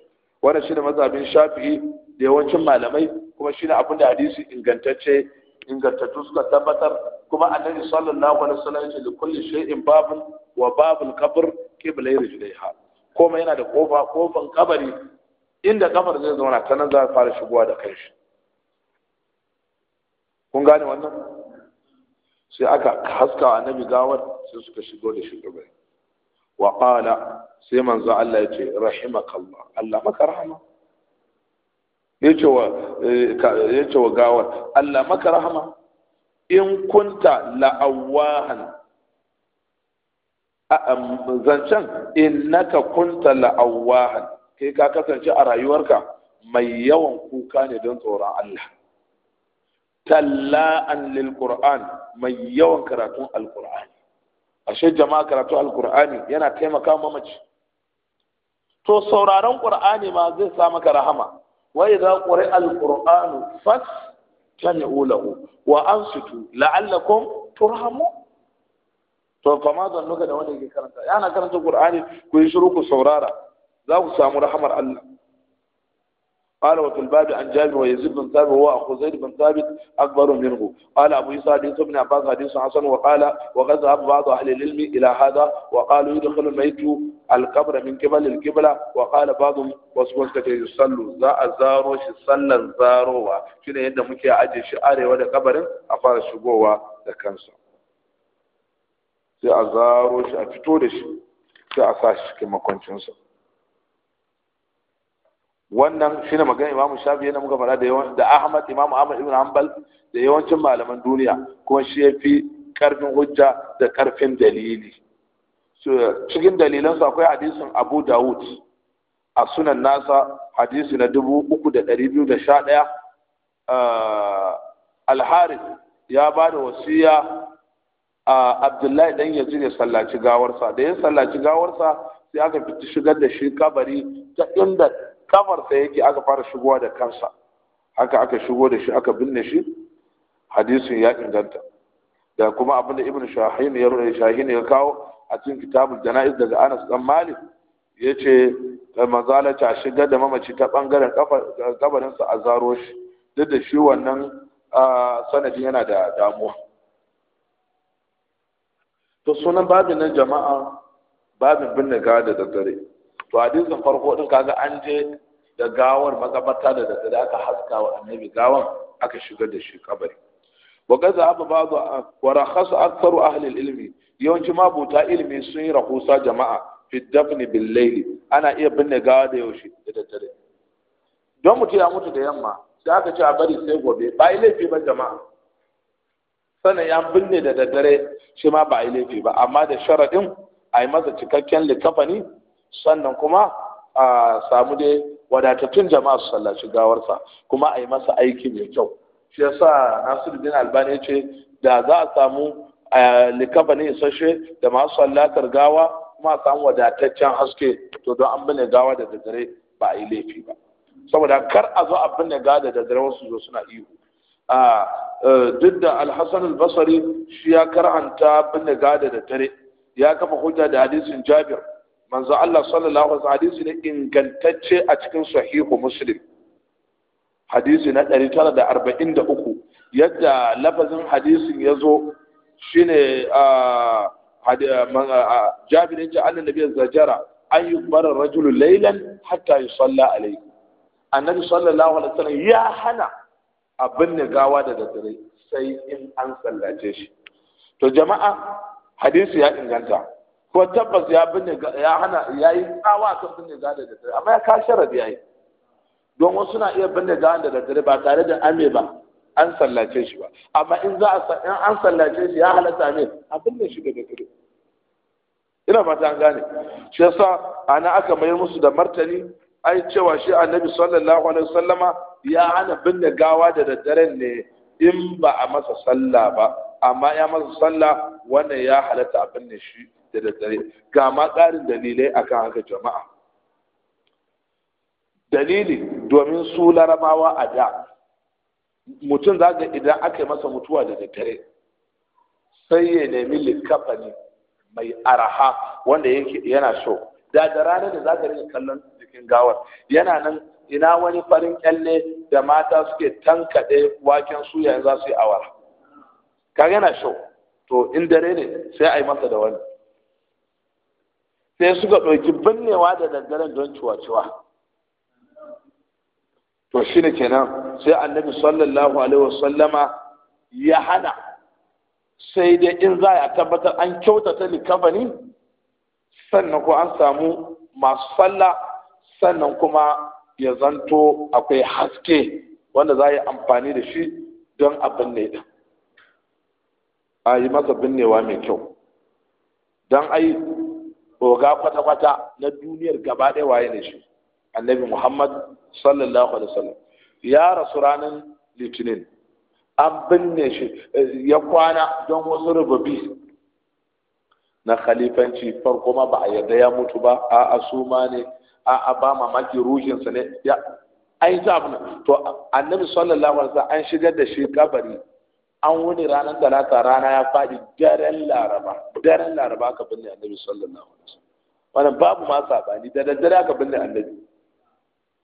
wannan shine mazabin Shafi, da yawancin malamai kuma ne abin da hadisi ingantacce ingantattu suka tabbatar kuma annabi sallallahu alaihi wasallam ya ce li kulli shay'in babun wa babul qabr kibla rijlaiha kuma yana da kofa kofan kabari inda kabar zai zauna ta nan za a fara shigowa da kanshi kun gane wannan sai aka haska wa annabi gawar sai suka shigo da shi kabari wa qala sai manzo Allah ya ce rahimakallah Allah maka rahama yace wa yace wa gawar Allah maka rahama in kunta la'awahan zancen innaka kunta la'awa kai ka kasance a rayuwarka mai yawan kuka ne don tsoron Allah talla'an lil qur'an mai yawan karatun alqur'ani ashe jama'a karatun alqur'ani yana taimaka mamaci to sauraron qur'ani ma zai sa maka rahama wa idza quri alqur'anu fastami'u lahu wa ansitu la'allakum turhamun to fa ma zannuka da wanda ke karanta yana karanta qur'ani ku yi shiru ku saurara za ku samu rahmar Allah قال وفي الباب عن جابر ويزيد بن ثابت هو اخو زيد بن ثابت اكبر منه قال ابو عيسى حديث ابن عباس حديث حسن وقال وقد ذهب بعض اهل العلم الى هذا وقالوا يدخل الميت القبر من قبل القبله وقال بعضهم wasu suka ce sallu za a zaro shi sallar zarowa shine yadda muke ajiye shi arewa da kabarin a fara shigowa da kansa sai a zaro shi a fito da shi sai a sa shi cikin makwancinsa wannan shi ne magana imamu shafi yana muka fara da ahmad imamu ahmad ibn hanbal da yawancin malaman duniya kuma shi ya fi karfin hujja da karfin dalili cikin dalilansa akwai hadisin abu dawud a sunan nasa hadisi na dubu uku da ɗari biyu da sha ɗaya ah, alharis ya ba da wasiya abdullahi dan yanzu ne sallaci gawarsa da ya sallaci gawarsa sai aka fita shigar da shi kabari ta inda kafarsa yake aka fara shigowa da kansa haka aka shigo da shi aka binne shi hadisin ya inganta da kuma abin da ibn shahin ya rubuta shahin ya kawo a cikin kitabul janaiz daga Anas dan Malik yace manzala ta shigar da mamaci ta bangaren kabarinsa a zaro shi duk da shi wannan sanadin yana da damuwa to sunan babin nan jama'a babin binne gawar da daddare to hadisin farko din kaga an je da gawar makabarta da daddare aka haska wa annabi gawan aka shigar da shi kabari wa gaza abu bazu wa rakhasu aktharu ahli ilmi yawanci mabuta ilmi sun yi rahusa jama'a fi dafn bil layl ana iya binne gawa da yaushe da daddare don mutum ya mutu da yamma sai aka ce a bari sai gobe ba laifi ba jama'a sannan ya binne da daddare shi ma ba a yi laifi ba amma da sharaɗin a yi masa cikakken likafani sannan kuma a samu dai wadatattun jama'a su sallaci gawarsa kuma a yi masa aiki mai kyau shi yasa nasiruddin albani ya ce da za a samu likafani isasshe da masu sallatar gawa kuma a samu wadataccen haske to don an binne gawa da daddare ba a yi laifi ba saboda kar a zo a binne gawa da daddare wasu zo suna ihu a e, duk da alhassan albasari shi ya karanta bin gada da tare ya kafa hujja da hadisin jabir manzo Allah sallallahu alaihi wasallam hadisi ne ingantacce a cikin sahihu muslim hadisi na 943 yadda lafazin hadisin ya zo a jabir ya ce annan nabiyar zajara an yi barar rajulu lailan hatta yusalla alayhi annabi sallallahu alaihi wasallam ya hana a binne gawa da daddare sai in an sallace shi to jama'a hadisi ya inganta ko tabbas ya binne ya hana ya yi tsawa kan binne gawa da daddare amma ya ka sharadi ya yi don wasu na iya binne gawa da daddare ba tare da ame ba an sallace shi ba amma in za a in an sallace shi ya halatta ne a binne shi da daddare ina fata an gane shi yasa ana aka mayar musu da martani ai cewa shi annabi sallallahu alaihi wasallama ya hana binne gawa da daddare ne in ba a masa sallah ba amma ya masa sallah wannan ya halatta a binne shi da daddare ga ma ƙarin dalilai akan haka jama'a dalili domin su larabawa a da mutum za ga idan aka yi masa mutuwa da daddare sai ya nemi likafani mai araha wanda yana so da da ranar da za ka rika kallon jikin gawar yana nan ina wani farin kyalle da mata suke tankaɗe waken suya za su yi awara ka yana shau to in dare ne sai a yi masa da wani sai suka ɗauki binnewa da daddaren don ciwa-ciwa to shi ne kenan sai annabi sallallahu alaihi wasallama ya hana sai dai in za a tabbatar an kyautata likafani sannan ko an samu masu sallah sannan kuma ya zanto akwai haske wanda za a yi amfani da shi don a binne ɗin a yi masa binnewa mai kyau don a yi oga kwata-kwata na duniyar gaba ɗaya waye ne shi annabi muhammad sallallahu alaihi wasallam ya rasu ranar litinin an binne shi eh, ya kwana don wasu rububi na khalifanci farko ma ba a yarda ya mutu ba a asuma ne a a ba mamaki ruhinsa ne ya ai za abuna to annabi sallallahu alaihi wasallam an shigar da shi kabari an wuni ranar talata rana ya faɗi daren laraba daren laraba aka binne annabi sallallahu alaihi wasallam wannan babu ma sabani da daddare aka binne annabi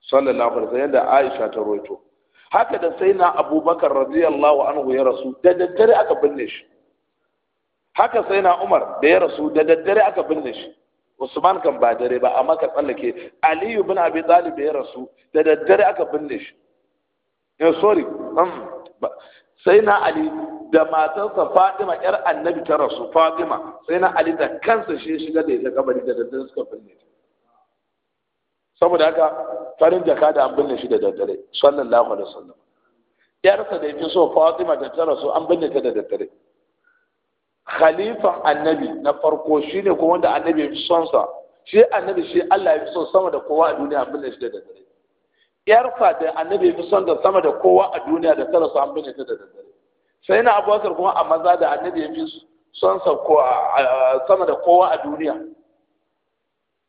sallallahu alaihi wasallam da Aisha ta roito haka da sai na Abubakar radiyallahu anhu ya rasu da daddare aka binne shi haka sai na umar da ya rasu da daddare aka binne shi usman kan ba dare ba amma ka tsallake aliyu bin abi talib da ya rasu da daddare aka binne shi eh sorry mm. sai na ali da matarsa fatima yar annabi ta rasu fatima sai na ali da kansa shi shiga da ita kabari da daddare suka binne shi. saboda haka farin jaka da an binne shi da daddare sallallahu alaihi wasallam yarsa da yake so fatima da ta rasu an binne ta da daddare khalifan annabi na farko shi ne kuma wanda annabi ya fi son sa shi annabi shi Allah ya fi son sama da kowa a duniya abin da shi da dare yar fata annabi ya fi son da sama da kowa a duniya da tara su an bin da dare sai na abubakar kuma a maza da annabi ya fi son sa sama da kowa a duniya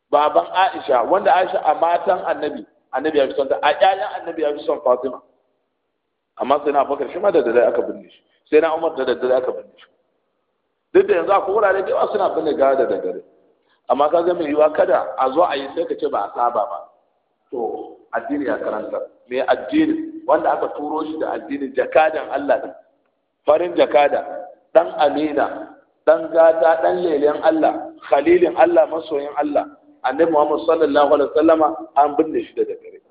baban Aisha wanda Aisha a matan annabi annabi ya fi son ta a ƴaƴan annabi ya fi son Fatima amma sai na abubakar shi ma da dare aka binne shi sai na Umar da dare aka binne shi duk da yanzu a wurare da yawa suna binne gada da dare amma ka ga mai yiwa kada a zo a yi sai ka ce ba a saba ba to addini ya karanta mai addini wanda aka turo shi da addinin jakadan Allah ne farin jakada dan amina dan gata dan lelen Allah khalilin Allah masoyin Allah annabi Muhammad sallallahu alaihi wasallama an binne shi da dare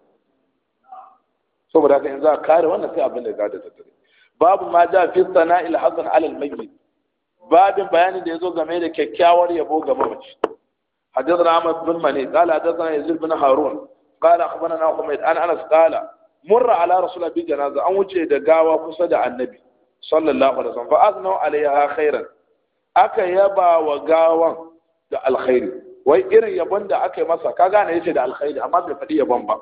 saboda haka yanzu a kare wannan sai abin da ga da dare babu ma da fi sana'il hasan alal mayyit babin bayanin da ya zo game da kyakkyawar yabo ga mamaci حدثنا عمر بن مني قال حدثنا يزيد بن هارون قال اخبرنا حميد عن انس قال مر على رسول الله بجنازه ان وجه da gawa kusa da annabi sallallahu alaihi wasallam fa aznau alaiha khairan aka yaba wa gawan da alkhairi wai irin yabon da aka yi masa ka gane yace da alkhairi amma bai faɗi yabon ba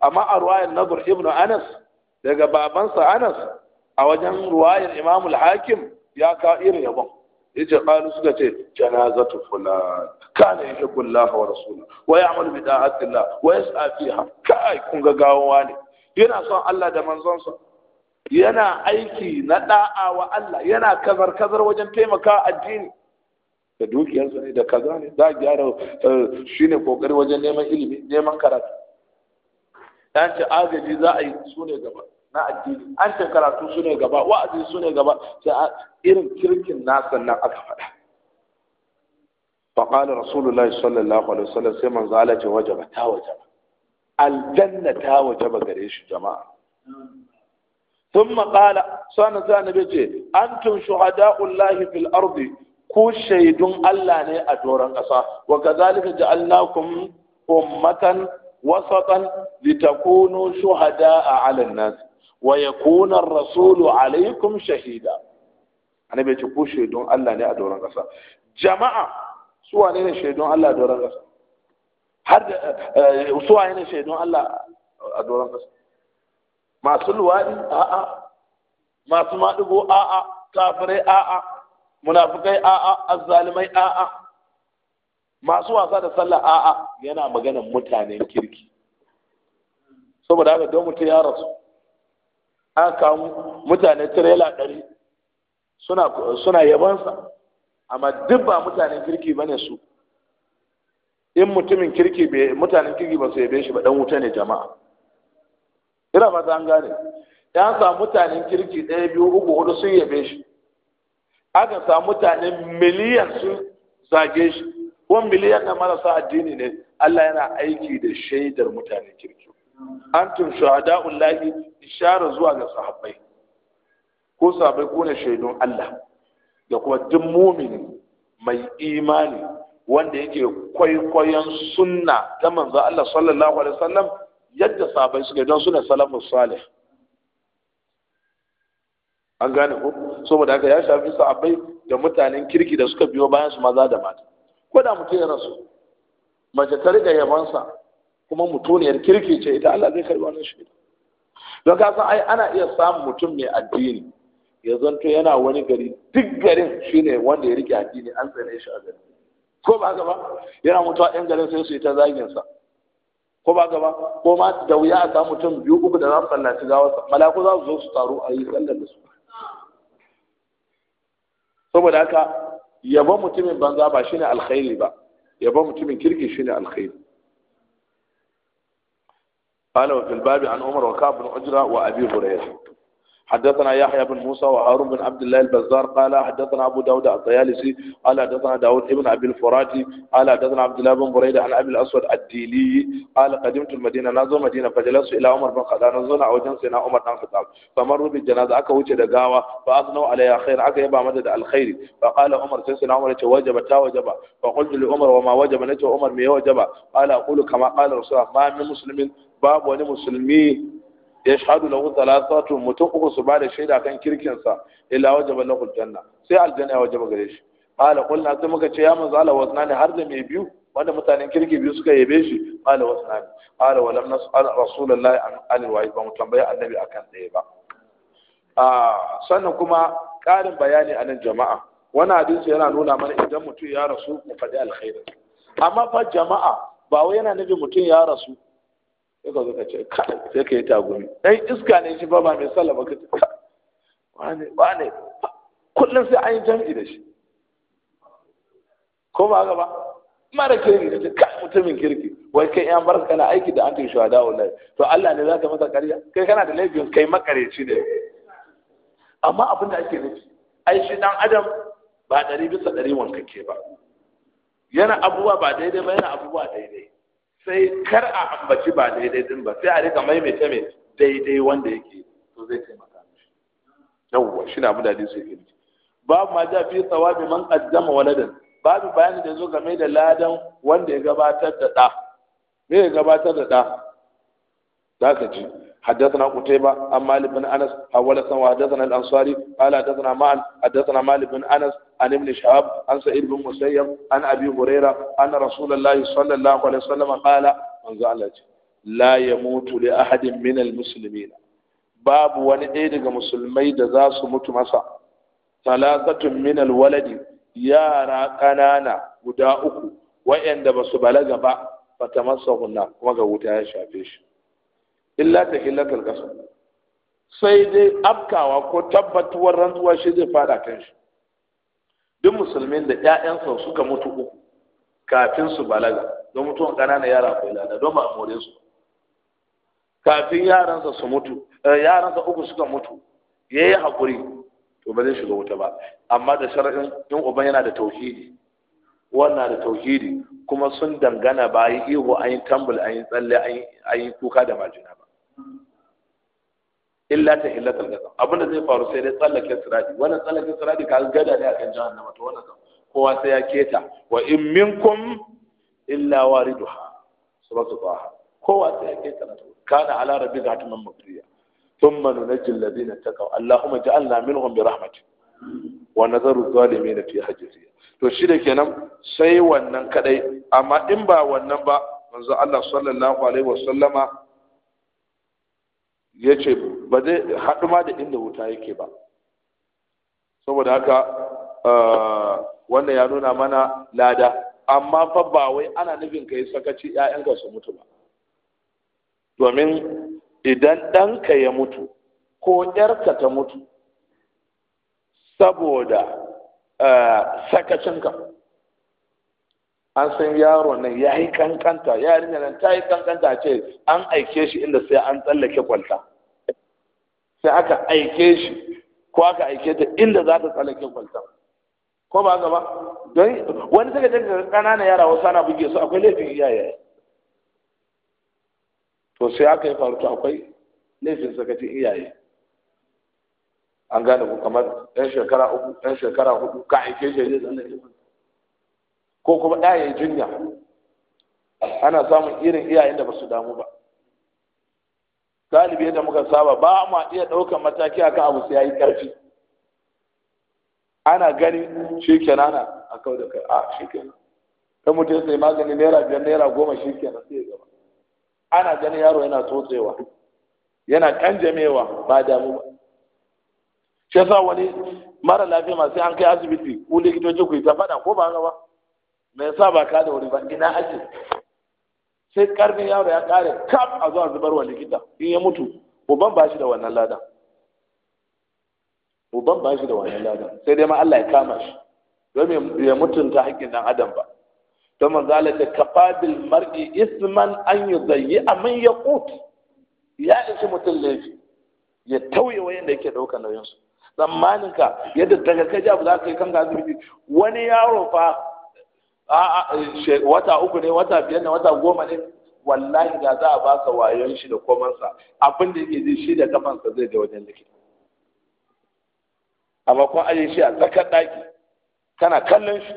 amma a ruwayar nazar ibnu anas daga babansa anas a wajen ruwayar imamul hakim ya ka irin yabon ce qalu suka ce janazatu ne kana kun lafa wa rasuluhu wa ya amalu bida hatila wa sa'afi ha kai kun ga gawawa ne yana son Allah da manzonsa yana aiki na da'a wa Allah yana kazar kazar wajen taimaka addini da dukiyarsa ne da kaza ne za a gyara eh, shi ne kokari wajen neman ilimi neman karatu ta ce agaji za a yi su ne gaba na addini an ce karatu su ne gaba wa'azi su ne gaba sai irin kirkin nasa nan aka faɗa فقال رسول الله صلى الله عليه وسلم سيما زالت وجب تا وجب الجنة تا وجب قريش جماعة ثم قال سانا زانا بيتي أنتم شهداء الله fil الأرض ku shaidun Allah ne a doron ƙasa wa kazalika ja'alnakum ummatan wasatan litakunu shuhada'a 'ala an-nas wa yakuna rasulu alaykum shahida Ana bai ce ko shaidun Allah ne a doron kasa jama'a su wane ne shaidun Allah a doron kasa har eh, su wane ne shaidun Allah a doron kasa masu luwadi a'a masu madugo a'a kafirai a'a munafikai a'a azzalimai a'a masu wasa da sallah a'a yana magana mutanen kirki saboda haka don mutum ya rasu aka mutane tirela ɗari suna suna yabansa amma duk ba mutanen kirki ba ne su in mutumin kirki bai mutanen kirki ba su yabe shi ba dan wuta ne jama'a ina ba an gane ya samu mutanen kirki ɗaya biyu uku hudu sun yabe shi aka samu mutanen miliyan sun zage shi ko miliyan na marasa addini ne Allah yana aiki da shaidar mutanen kirki antum shuhada'ul lahi ishara zuwa ga sahabbai ko sahabbai ko ne shaidun Allah da kuma duk mumini mai imani wanda yake kwaikwayon sunna ta manzo Allah sallallahu alaihi wasallam yadda sahabbai suke don sunan Salamu salih an gane ko saboda haka ya shafi sahabbai da mutanen kirki da suka biyo bayan su maza da mata ko da mutum ya rasu mace ta riga yabansa kuma mutuniyar kirki ce ita Allah zai karbi wannan shaida don ka san ai ana iya samun mutum mai addini ya zanto yana wani gari duk garin shine wanda ya rike addini an tsane shi a gari ko ba gaba yana mutuwa ɗan garin sai su yi ta zagin sa ko ba gaba ko ma da wuya a samu mutum biyu uku da za su sallaci gawa malaku za su zo su taru a yi sallar da su saboda haka yabon mutumin banza ba shine alkhairi ba yabon mutumin kirki shine alkhairi قال وفي الباب عن عمر وكعب بن عجرة وأبي هريرة حدثنا يحيى بن موسى وهارون بن عبد الله البزار قال حدثنا أبو داود الطيالسي قال حدثنا داود ابن أبي الفراتي قال حدثنا عبد الله بن بريدة عن أبي الأسود الديلي قال قدمت المدينة نازو مدينة فجلست إلى عمر بن خطاب نزلنا أو جنسنا عمر بن خطاب فمروا بالجنازة أكا وجه دقاوة فأثنوا عليها خير أكا يبا مدد الخير فقال عمر سيسنا عمر وجب تا وجب فقلت لعمر وما وجب نتو عمر مي وجب قال أقول كما قال رسول الله ما من مسلم babu wani musulmi ya shahadu lahu talatatu mutum uku su bada shaida kan kirkinsa illa wajaba lahu janna sai aljanna ya wajaba gare shi qala qulna sai muka ce ya manzo Allah wasnani har da mai biyu wanda mutanen kirki biyu suka yabe shi qala wasnani qala wa lam nas'al rasulullahi an alwa'i ba mu tambaya annabi akan dai ba sannan kuma ƙarin bayani a nan jama'a wani hadisi yana nuna mana idan mutum ya rasu mu faɗi alkhairi amma fa jama'a ba wai yana nufin mutum ya rasu sai ka zo ka ce kai sai ka yi tagumi dan iska ne shi ba ba mai sallah ba ka ce wane wane kullum sai an yi jam'i da shi ko ba gaba mara kirki ka ce kai mutumin kirki wai kai yan bar kana aiki da antin shuhada wallahi to Allah ne zaka masa ƙarya kai kana da laifin kai makareci ne amma abin da ake nufi ai shi dan adam ba ɗari bisa ɗari wankake ba yana abubuwa ba daidai ba yana abubuwa daidai sai kar a ambaci ba daidai din ba sai a rika maimaita mai daidai wanda yake to zai taimaka mishi yawwa shi na abin su hadisi yake nufi babu ma ja fi tsawabi man qaddama waladan babu bayani da zo game da ladan wanda ya gabatar da da me ya gabatar da da za ka ji حدثنا قتيبة عن مالك بن أنس حول سنة حدثنا الأنصاري قال حدثنا معا حدثنا مالك بن أنس عن ابن شهاب عن سعيد بن مسيب عن ابي هريره ان رسول الله صلى الله عليه وسلم قال من زعلت لا يموت لاحد من المسلمين باب wani ɗaya daga musulmai da za su mutu masa talakatun min waladi yara ƙanana guda uku wa'anda ba su balaga ba fata masa hunna kuma ga wuta ya shafe shi illa ta hillatar ƙasa sai dai afkawa ko tabbatuwar rantsuwa shi zai fada kan shi duk musulmin da ƴaƴansa suka mutu uku kafin su balaga don mutuwan ƙananan yara ko lada don ba su kafin yaransa su mutu eh, yaransa uku suka mutu yayi hakuri to ba zai shiga wuta ba amma da shar'in in uban yana da tauhidi wannan da tauhidi kuma sun dangana ba yi ihu an yi tambul an yi tsalle an yi kuka da majina ba illa ta hillatul gazam abin da zai faru sai dai tsallake sirati wannan tsallake sirati ka gada ne akan jahannama to wannan kowa sai ya keta wa in minkum illa wariduha suratul taha kowa sai ya keta na to kana ala rabbika hatman maqdiya thumma nunajji alladhina taqaw allahumma ja'alna minhum bi rahmatik wa nazaru zalimin fi hajriya to shi da kenan sai wannan kadai amma in ba wannan ba manzo Allah sallallahu alaihi wasallama yace ba zai haɗu ma da inda wuta yake ba saboda haka eh, wannan ya nuna mana lada amma fa ba wai ana nufin ka yi sakaci ‘ya'yanka su mutu ba domin idan ɗanka ya mutu ko ‘yarka ta mutu saboda eh, sakacinka an san yaro nan ya yi kankanta yarinya nan ta yi kankanta ce an aike shi inda sai an tsallake kwalta sai aka aike shi ko aka aike ta inda za ta tsallake kwalta ko ba gaba don wani saka daga ƙanana yara wasu ana buge su akwai laifin iyaye to sai aka yi faru to akwai laifin sakacin iyaye an gane ku kamar yan shekara uku yan shekara hudu ka aike shi ne tsallake ko kuma ɗaya ya jinya ana samun irin iyayen da ba su damu ba talibi yadda muka saba ba ma iya ɗaukar mataki akan abu sai ya yi ƙarfi ana gani shi kenan a kau da kai a shi kenan ta mutum sai magani naira biyar naira goma shi kenan sai gaba ana gani yaro yana tsotsewa yana kanjamewa ba damu ba shi yasa wani mara lafiya masu an kai asibiti ku likitoci ku yi ta faɗa ko ba haka ba me yasa ba ka da wuri ba ina ake sai karfin yaro ya kare kaf a zuwa zubar wa likita in ya mutu uban ba shi da wannan ladan uban ba shi da wannan ladan sai dai ma Allah ya kama shi don ya mutunta haƙƙin dan adam ba don man Allah ta kafabil mar'i isman an yuzayyi amin yaqut ya ishi mutum laifi ya tauye wayan da yake daukar nauyin su tsammanin ka yadda daga kaji abu za ka yi kanka asibiti wani yaro fa wata uku ne wata biyar ne wata goma ne wallahi da za a ba wayon shi da komansa abin da yake ji shi da kafansa zai je wajen likita amma kun aje shi a tsakar ɗaki kana kallon shi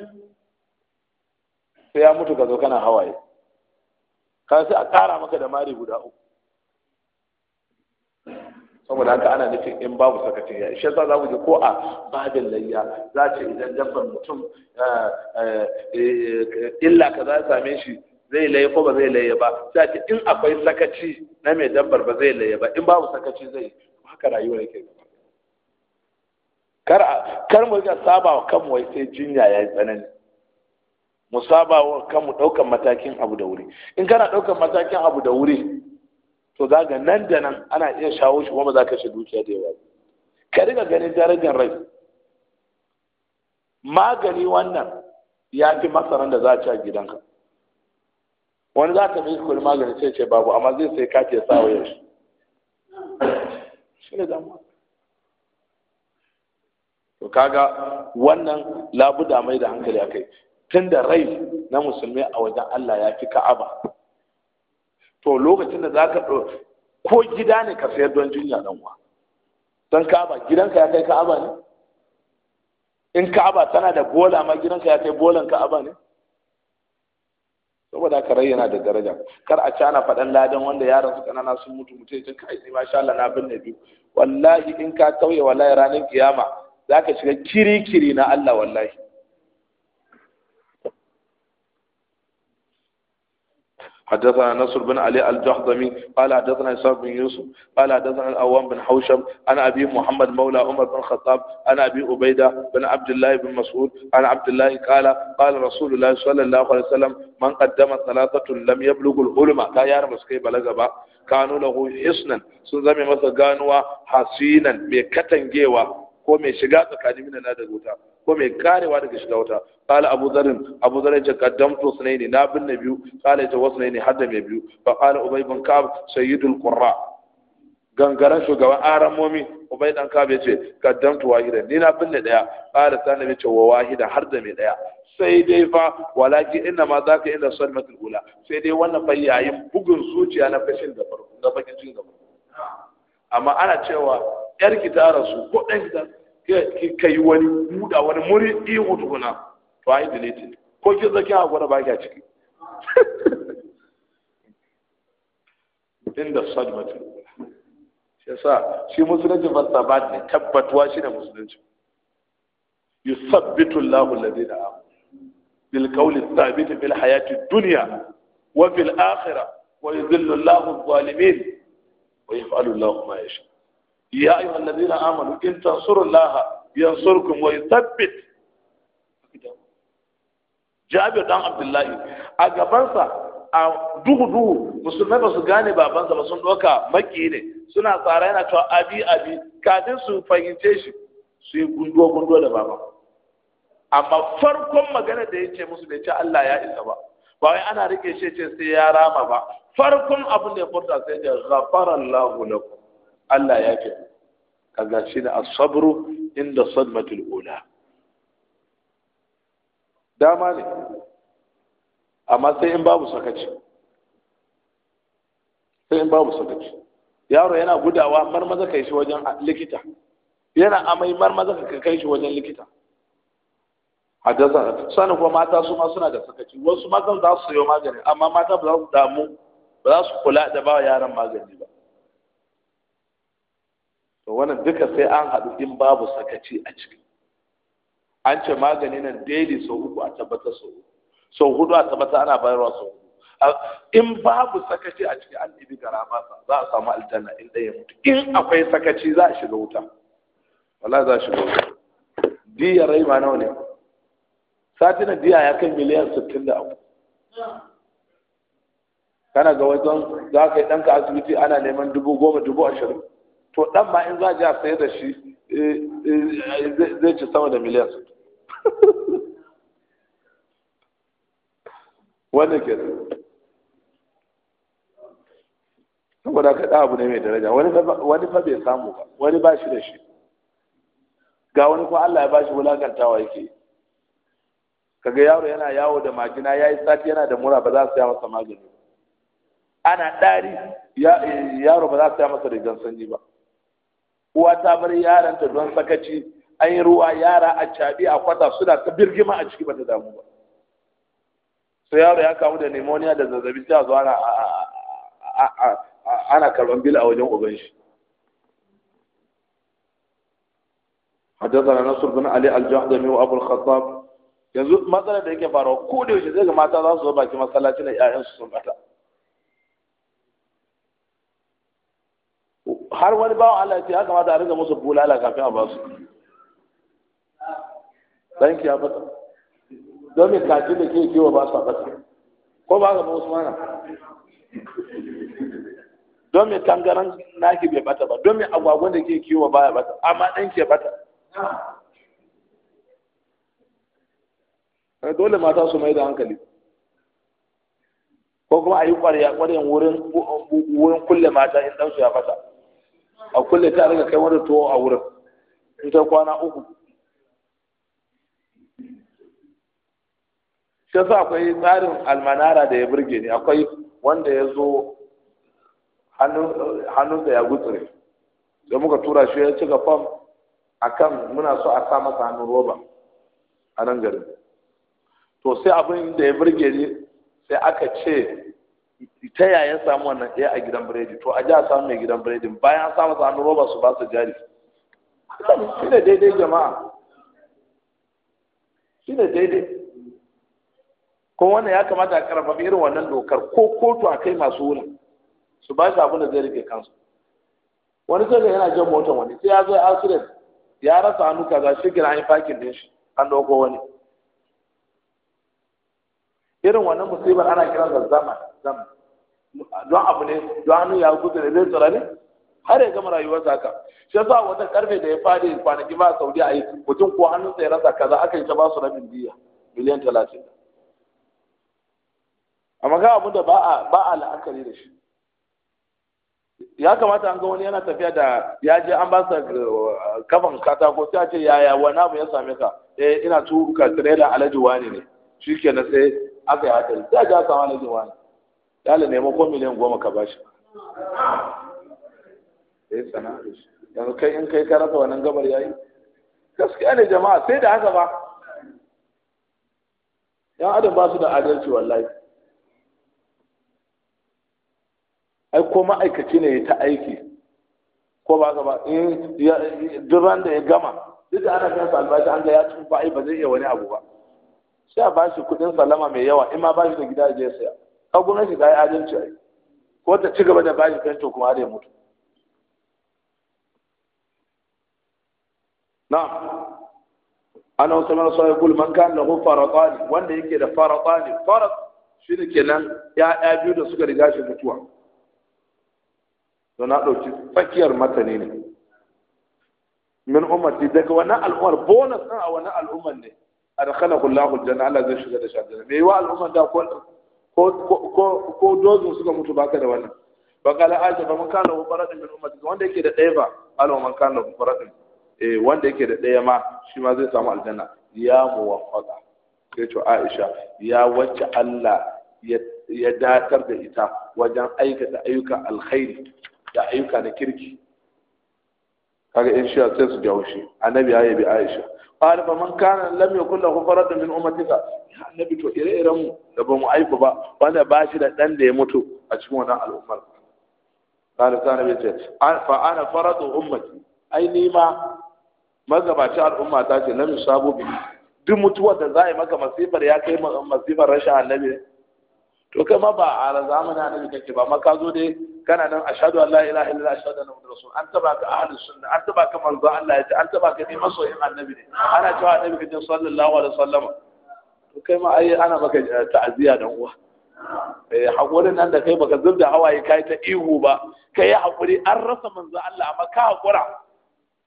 sai ya mutu ka zo kana hawaye ka sai a ƙara maka da mari guda uku saboda haka ana nufin in babu sakacin ya ishe za ku ji ko a babin layya za ce idan dabbar mutum eh, eh, illa ka za same shi zai laye ko ba zai laye ba za ce in akwai sakaci na mai dabbar ba zai laye ba in babu sakaci zai haka rayuwar yake kar kar mu ga saba wa kanmu wai sai jinya yayi tsanani mu saba wa kanmu daukan matakin abu da wuri in kana daukan matakin abu da wuri to za ga nan da nan ana iya shawo shi kuma za ka shi dukiya da yawa ka riga ganin darajar rai magani wannan ya fi masaran da za a ci a gidanka wani za ta mishi kuri magani sai ce babu amma zai sai kati ya sawa yau shi ne damuwa to kaga wannan labuda mai da hankali akai tun da rai na musulmi a wajen Allah ya fi ka'aba to lokacin da za ka ko gida ne ka sayar don jinya nan wa don gidan gidanka ya kai ka'aba ne in ka'aba tana da bola ma gidanka ya kai bolan ka'aba ne saboda haka rai yana da daraja kar a cana faɗan ladan wanda yaran su kanana sun mutu mutu ya kai ne masha Allah na binne biyu wallahi in ka tauye wallahi ranar kiyama Za ka shiga kiri-kiri na Allah wallahi حدثنا نصر بن علي الجحظمي قال حدثنا إسحاق بن يوسف قال حدثنا الأوام بن حوشم أنا أبي محمد مولى عمر بن الخطاب أنا أبي عبيدة بن عبد الله بن مسعود أنا عبد الله قال قال رسول الله صلى الله عليه وسلم من قدم ثلاثة لم يبلغ العلم كان يعلم سكي بلغ با كانوا له حسنا sun zame masa ganuwa hasinan mai katangewa ko mai shiga tsakanin minan da wuta ko mai karewa daga shiga wuta qala abu dharr abu dharr ya qaddamtu sunaini na binne biyu qala ya wasnaini hadda mai biyu fa qala ubay bin ka'ab sayyidul qurra gangaren shugaban aramomi ubay dan ka'ab ya ce qaddamtu wahidan ni na binne daya qala sani ya ce wa wahida har da me daya sai dai fa walaki inna ma zaka inda salmatul ula sai dai wannan fa yayin bugun zuciya na fashin da farko da bakin cikin da amma ana cewa yar ki ta rasu ko dan ki ta kai wani buda wani muri ihu tukuna bayi deleted ko kin zaki a gwada ba a ciki inda sajmatu shi yasa shi musulunci fasabat ne tabbatuwa shi ne musulunci yusabbitu Allahu alladhina amanu bil qawli thabit fil hayati dunya wa fil akhirah wa yudhillu Allahu adh-dhalimin wa yaf'alu Allahu ma yasha ya ayyuhalladhina amanu in tansurullaha yansurkum wa yuthabbit jabir dan abdullahi a gabansa a duhu duhu musulmai ba su gane babansa ba sun doka maki ne suna tsara yana cewa abi abi kafin su fahimce shi su yi gundo gundo da baba amma farkon magana da ya ce musu bai ce Allah ya isa ba ba wai ana rike shi ce sai ya rama ba farkon abin da ya furta sai ya ghafara Allahu lakum Allah ya fi kaga shi ne as-sabru inda sadmatul ula dama ne amma sai in babu sakaci sai in babu sakaci yaro yana gudawa marmaza kai shi wajen likita yana amai marmaza ka kai shi wajen likita haddasa sani kuma mata su ma suna da sakaci wasu mazan za su yi magani amma mata ba za su damu ba za su kula da ba yaran magani ba to wannan duka sai an haɗu in babu sakaci a ciki an ce magani nan daily sau uku a tabbatar sau uku sau hudu a tabbatar ana bayarwa sau hudu in babu sakaci a cikin an ɗibi garama za a samu aljanna in ɗaya mutu in akwai sakaci za a shiga wuta wala za a shiga wuta diya rai ma nawa ne sati na diya ya kai miliyan sittin da abu kana ga wajen za ka yi ɗanka asibiti ana neman dubu goma dubu ashirin to ɗan ma in za a je a sayar da shi zai ci sama da miliyan wanda ke saboda ka abu ne mai daraja wani fa bai samu ba wani ba shi da shi ga wani ko Allah ya ba shi wulakantawa yake kaga yaro yana yawo da magina ya yi sati yana da mura ba za su ya masa magani ana ɗari yaro ba za su ya masa rigar sanyi ba uwa ta bar yaranta don sakaci an yi ruwa yara a caɓi a kwata suna ta birgima a ciki bata damu ba so yaro ya kamu da pneumonia da zazzabi sai a zo ana ana karban bil a wajen uban shi حدثنا نصر بن علي الجهضمي وابو khattab yanzu matsalar da yake faruwa ko da yaushe zai ga mata za su zo baki masallaci da 'ya'yansu sun bata har wani bawan Allah ya ce ya kamata a ringa musu bulala kafin a basu danki ya fata domin me kaji da ke ba su a fata ko ba ga musu mana domin tangaran naki bai bata ba domin agwagon da ke ba ya bata amma danki ya bata eh, dole mata su mai da hankali ko kuma a yi ƙwarya ƙwaryan wurin kulle mata in ɗansu ya fata a kulle ta rika kai wani tuwo a wurin ita kwana uku shi sa akwai tsarin almanara da ya burge ni akwai wanda ya zo da ya gutsure da muka tura shi ya cika fam a kan muna so a sa masa hannun roba a nan garin to sai abin da ya burge ni sai aka ce ta yaya samu wannan ɗaya a gidan biredi to a ji a samu mai gidan biredin bayan an samu sanu roba su ba su jari shi ne daidai jama'a shi ne daidai ko wannan ya kamata a karfafa irin wannan dokar ko kotu a kai masu wurin su ba shi abin da zai rike kansu wani sai yana jan motar wani sai ya zo asirin ya rasa hannu kaza shi gina an yi fakin din shi an ɗauko wani irin wannan musibar ana kiran da zama zama don abu ne don hannu ya gudu da zai tsira ne har ya gama rayuwar ka? Shi shi yasa wata karfe da ya fadi kwanaki ba a Saudi a yi mutum ko hannun sa ya rasa kaza aka yi ta ba su rabin biya miliyan talatin amma ga abin da ba a la'akari da shi ya kamata an ga wani yana tafiya da ya je an ba sa eh, kafan katako sai a ce yaya wani abu ya same ka eh ina tuka tirela alhaji wani ne shi ke na sai aka yi hatari sai ga aka wani zuwa ne dala nemo ko miliyan goma ka bashi sai sana yanzu kai in kai ka rasa wannan gabar yayi gaskiya ne jama'a sai da haka ba yan adam ba su da adalci wallahi ai ko ma'aikaci ne ta aiki ko ba ka ba in duran da ya gama duk da ana kansa albashi an ga ya tsufa ai ba zai iya wani abu ba sai a bashi kudin salama mai yawa in ma bashi da gida je saya ka gwamnati shi yi adalci a ko ta ci gaba da bashi fento kuma da ya mutu na ana wasu mara sa yakul man kan lahu faratani wanda yake da faratani farat shi ne kenan ya'ya biyu da suka riga shi mutuwa to na ɗauki tsakiyar matane ne min umarci daga wannan al'ummar bonus ɗin a wannan al'ummar ne adkhalahu Allahu aljanna Allah zai shiga da shi aljanna me yawa al'umman da ko ko ko dozin suka mutu baka da wannan ba kala aja ba man kana baradin min ummati wanda yake da ɗaya ba alawa man kana baradin eh wanda yake da ɗaya ma shi ma zai samu aljanna ya muwaffaqa sai to Aisha ya wacce Allah ya datar da ita wajen aikata ayyukan alkhairi da ayyuka na kirki kaga in shiya sai su jawo shi annabi ya yabi aisha qala fa man kana lam yakul lahu faradun min ummatika annabi to ire iren mu da ba mu aiko ba wanda ba shi da dan da ya mutu a cikin wannan al'ummar qala ta annabi ce fa ana faradu ummati ai ni ma magabacin al'umma ta ce lam yusabu bi duk mutuwa da za a maka masifar ya kai masifar rashin annabi to kai ma ba a zamanin annabi kake ba amma ka zo dai kana nan ashhadu an la ilaha illallah ashhadu anna muhammadar rasul an taba ka ahli sunna an taba ka manzo Allah ya ce an taba ka ne masoyin annabi ne ana cewa annabi kace sallallahu alaihi wasallam to kai ma ai ana maka eh, ta'aziyya dan uwa eh hakurin nan da kai baka zubda hawaye kai ta ihu ba kai hakuri an rasa manzo Allah amma ka hakura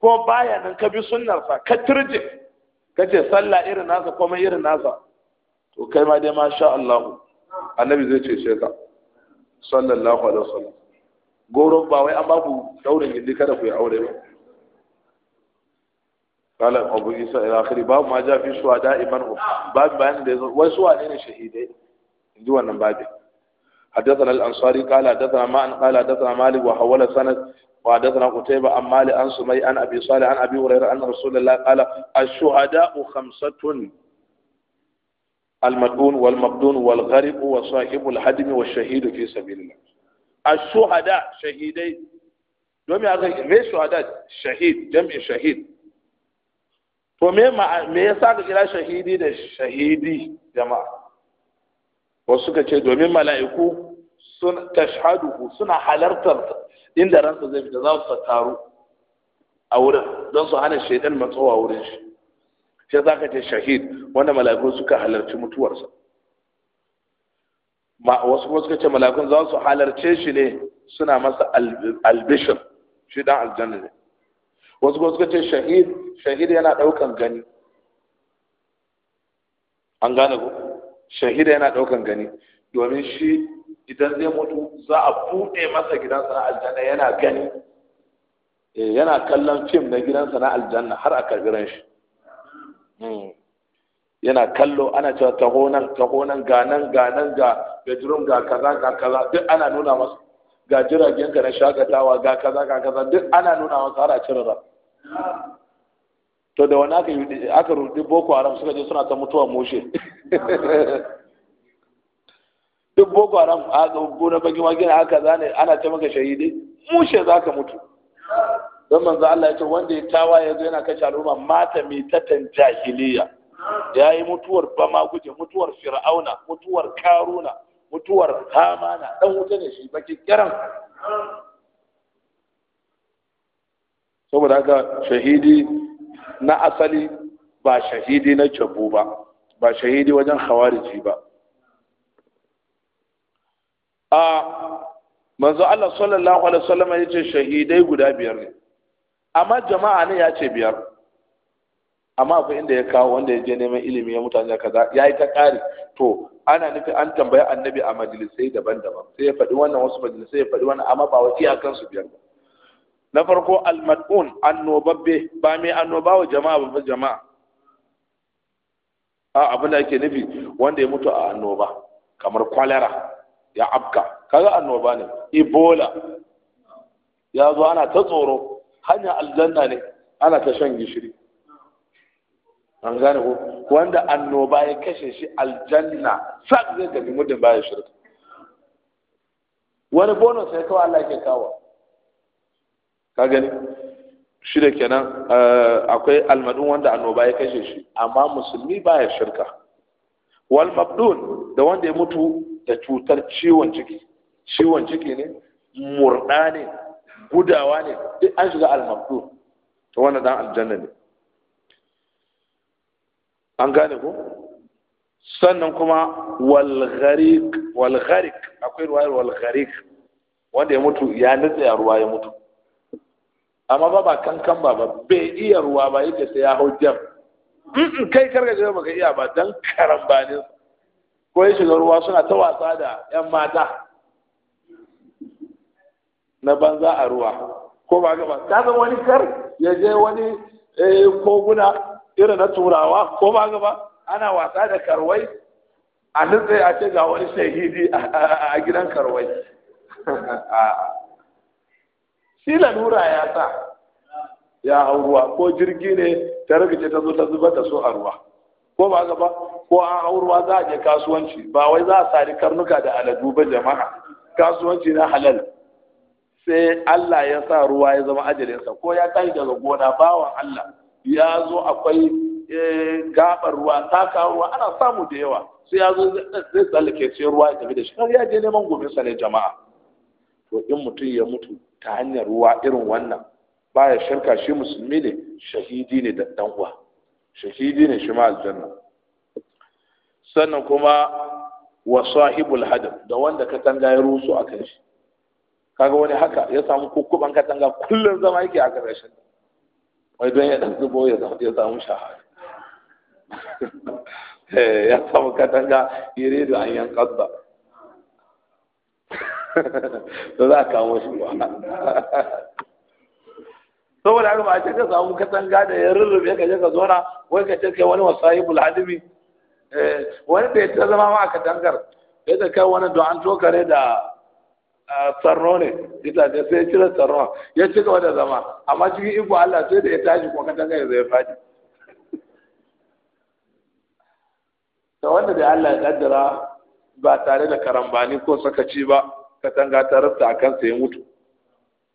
ko baya nan ka bi sunnarsa ka turje kace sallah irin nasa komai irin nasa to kai ma dai masha Allah annabi zai cece ka sallallahu alaihi wasallam goro ba wai an babu daurin gindi kada ku yi aure ba kala abu isa ila akhiri babu ma ja fi suwa da'iman hu babu bayan da yazo wai suwa ne shahidai inji wannan babu حدثنا الأنصاري قال حدثنا ما قال حدثنا مالك وحول سند وحدثنا قتيبة عن مالك عن سمي عن أبي صالح عن أبي هريرة أن رسول الله قال الشهداء خمسة المدون والمبدون والغريب وصاحب الحدم والشهيد في سبيل الله الشهداء شهيدي دومي اغي مي شهداء شهيد جمع شهيد تو مي ما مي يسا كلا شهيدي ده شهيدي جماعة وسوكا تشي دومي ملائكو سن تشهدو سن حلرتر ان درن زي بتزاو ستارو اورن دون سو هان الشيطان متو اورن شي sai za ka ce shahid wanda mala'iku suka halarci mutuwarsa ma wasu kuma suka ce mala'ikun za su halarce shi ne suna masa albishir shi dan aljanna ne wasu kuma suka ce shahid shahid yana daukan gani an gane ku shahid yana daukan gani domin shi idan zai mutu za a buɗe masa gidansa na aljanna yana gani eh, yana kallon fim na gidansa na aljanna har a ran shi Hmm. yana kallo ana cewa taho nan taho nan ga nan ga nan ga bedroom ga kaza ga kaza duk ana nuna masa ga jiragen ka na shagatawa ga kaza ga kaza duk ana nuna masa har a cire ran to da wani aka yi aka rudi boko haram suka je suna ta mutuwa moshe duk boko haram a gona bagi wakin haka, zane ana ta maka shahidi mushe zaka mutu don manzo Allah ya ce wanda ya tawa ya zo yana kashe al'umma mata tatan jahiliya ya yi mutuwar bama guje mutuwar fir'auna mutuwar karuna mutuwar hamana dan wuta ne shi baki kiran saboda haka shahidi na asali ba shahidi na jabu ba ba shahidi wajen khawariji ba a manzo Allah sallallahu alaihi wasallam ya ce shahidai guda biyar ne amma jama'a ne ya ce biyar amma akwai inda ya kawo wanda ya je neman ilimi ya mutane kaza ya yi ta ƙari to ana nufi an tambaya annabi a majalisai daban-daban sai ya faɗi wannan wasu majalisai ya faɗi wannan amma ba wa iyakan su biyar na farko almad'un annobabbe ba mai annoba wa jama'a ba jama'a a abin da ake nufi wanda ya mutu a annoba kamar kwalara ya abka kaga annoba ne ebola ya zo ana ta tsoro hanya aljanna ne ana ta shan gishiri an gane ko wanda annoba ya kashe shi aljanna sak zai tafi muddin baya shirka wani bonus sai kawo Allah ke kawo ka gani shi da kenan eh, akwai almadun wanda annoba ya kashe shi amma musulmi baya shirka wal mabdun da wanda ya mutu da cutar ciwon ciki ciwon ciki ne murda ne gudawa ne duk an shiga almaktu to wannan dan aljanna ne an gane ko sannan kuma walgharik walgharik akwai ruwa walgharik wanda ya mutu ya nitsa ya ruwa ya mutu amma ba ba kankan ba ba bai iya ruwa ba yake sai ya hau jam kai karka je baka iya ba dan karambanin ko ya shiga ruwa suna ta wasa da yan mata na banza a ruwa ko ba gaba ta zama wani kar ya je wani eh, koguna irin na turawa ko ba gaba ana wasa da karwai a nutse a ce ga wani shahidi a gidan karwai shi lalura ya sa ya hau ruwa ko jirgi ne ta rikice ta zo ta zuba ta so a ruwa ko ba gaba ko an hau ruwa za a je kasuwanci ba wai za a sari karnuka da aladu ba jama'a kasuwanci na halal sai Allah ya sa ruwa ya zama ajalinsa ko ya tashi daga gona bawan Allah ya zo akwai eh, gabar ruwa taka ruwa ana samu da yawa sai ya zo zai tsallake sai ruwa ya tafi da shi har ya je neman gobe sa ne jama'a to in mutum ya mutu ta hanyar ruwa irin wannan baya shirka shi musulmi ne shahidi ne da dan uwa shahidi ne shi ma aljanna sannan kuma wa sahibul hadab da wanda ka san ya rusu akan shi kaga wani haka ya samu kukuban katanga kullum zama yake a ƙarshen wai don ya ɗan zubo ya samu shahara eh, ya samu katanga ya da an yan ƙasa da za a kamo shi ba saboda haka ba ce ka samu katanga da ya rurrube ka je ka zona wai ka ce kai wani ayi bulhadimi eh, wani da ya ta zama ma a katangar ya ta kai wani don an tokare da tsarno ne ita ne sai ya cire ya ci gaba da zama amma cikin iko Allah sai da ya tashi kuma kan ga zai faɗi to wanda da Allah ya kaddara ba tare da karambani ko sakaci ba katanga ta rasta akan sai mutu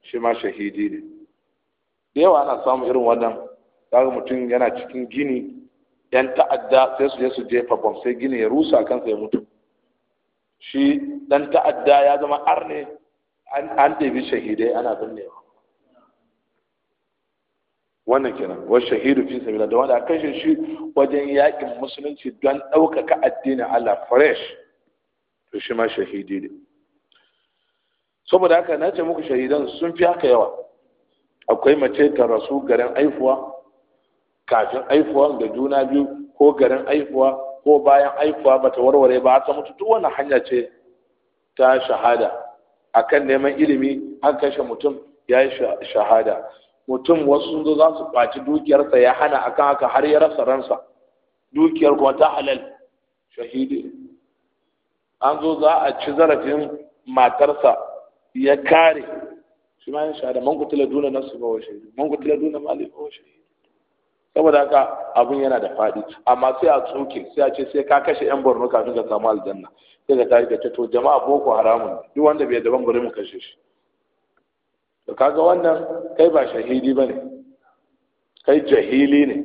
shi ma shahidi ne da yawa ana samun irin wannan kaga mutum yana cikin gini yan ta'adda sai su je su jefa bom sai gini ya rusa kansa ya mutu shi dan ta'adda ya zama arne an ɗebi shahidai ana binnewa wannan kenan wa shahidu fi sabila da wanda aka shi shi wajen yakin musulunci don ɗaukaka addinin Allah fresh to shi ma shahidi ne saboda haka na ce muku shahidan sun fi haka yawa akwai mace ta rasu garin aifuwa kafin aifuwa da juna biyu ko garin aifuwa ko bayan aikuwa bata warware ba ta mutu duk wani hanya ce ta shahada A kan neman ilimi an kashe mutum ya yi shahada mutum wasu sun zo za su ɓaci dukiyarsa ya hana akan haka har ya rasa ransa dukiyar kuma ta halal shahidi an zo za a ci zarafin matarsa ya kare shi ma yin shahada man kutula duna nasu ba wa shahidi man kutula duna mali ba wa shahidi saboda haka abun yana da faɗi amma sai a tsoke sai a ce sai ka kashe yan borno kafin ka samu aljanna sai ka tare da ta to jama'a boko haramun duk wanda bai daban bari mu kashe shi to kaga wannan kai ba shahidi bane kai jahili ne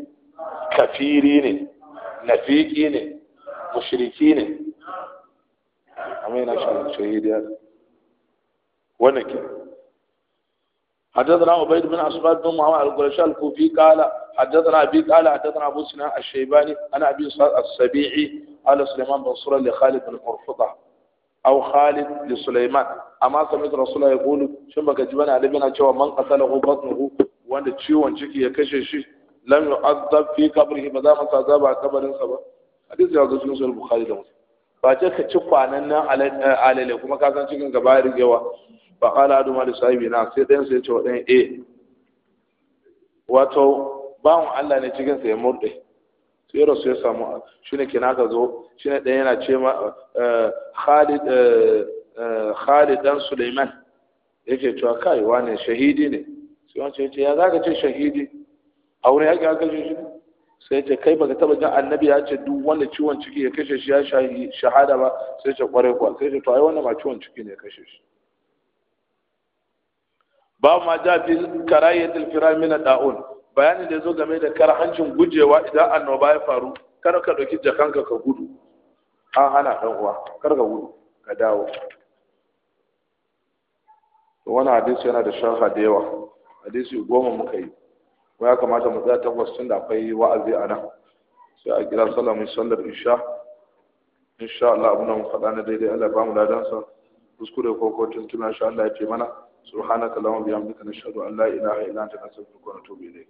kafiri ne nafiki ne mushriki ne amma yana shahidi wannan kenan حدثنا عبيد بن عصبات بن معاوية القرشي الكوفي قال حدثنا أبي قال حدثنا أبو سنان الشيباني أنا أبي السبيعي قال سليمان بن صورة لخالد بن مرفضة أو خالد لسليمان أما سمعت رسول الله يقول شنبك جبان علي بن أجوى من قتله بطنه وأن تشيوان شكي يكشش لم يعذب في قبره ما دام تعذاب على قبر سبا حديث يا ذو سنن البخاري ده ba ce ka ci kwanan nan alale kuma ka san cikin gaba rigewa faƙala duma da sahibi na sai ɗayan sai cewa ce wa dan eh wato bawon Allah ne cikin sai ya murde sai rasu ya samu shine kina ka zo shine ɗan yana ce ma eh, Khalid ɗan eh, eh, dan Sulaiman yake cewa kai ne shahidi ne sai wancan ce ya zaka ce shahidi a wurin yaƙi aka ce shi sai ce kai baka taba jin annabi ya ce duk wanda ciwon ciki ya kashe shi ya shahada ba sai ce kwarai kwa sai ce to ai wanda ba ciwon ciki ne ya kashe shi ba ma ja fi karayatul firamina da'un bayanin da yazo game da karhancin gujewa idan annoba ya faru kada ka dauki jakanka ka gudu an hana dan uwa kar ka gudu ka dawo to wannan hadisi yana da sharha da yawa hadisi goma muka yi ko ya kamata mu tsaya takwas tun da akwai wa'azi a nan sai a kira sallah mu sallar isha insha Allah abuna mu faɗa na daidai Allah ba mu ladansa kuskure ko ko tuntuna insha Allah ya ce mana subhanaka allahumma bihamdika nashhadu an la ilaha illa anta nastaghfiruka wa natubu ilayk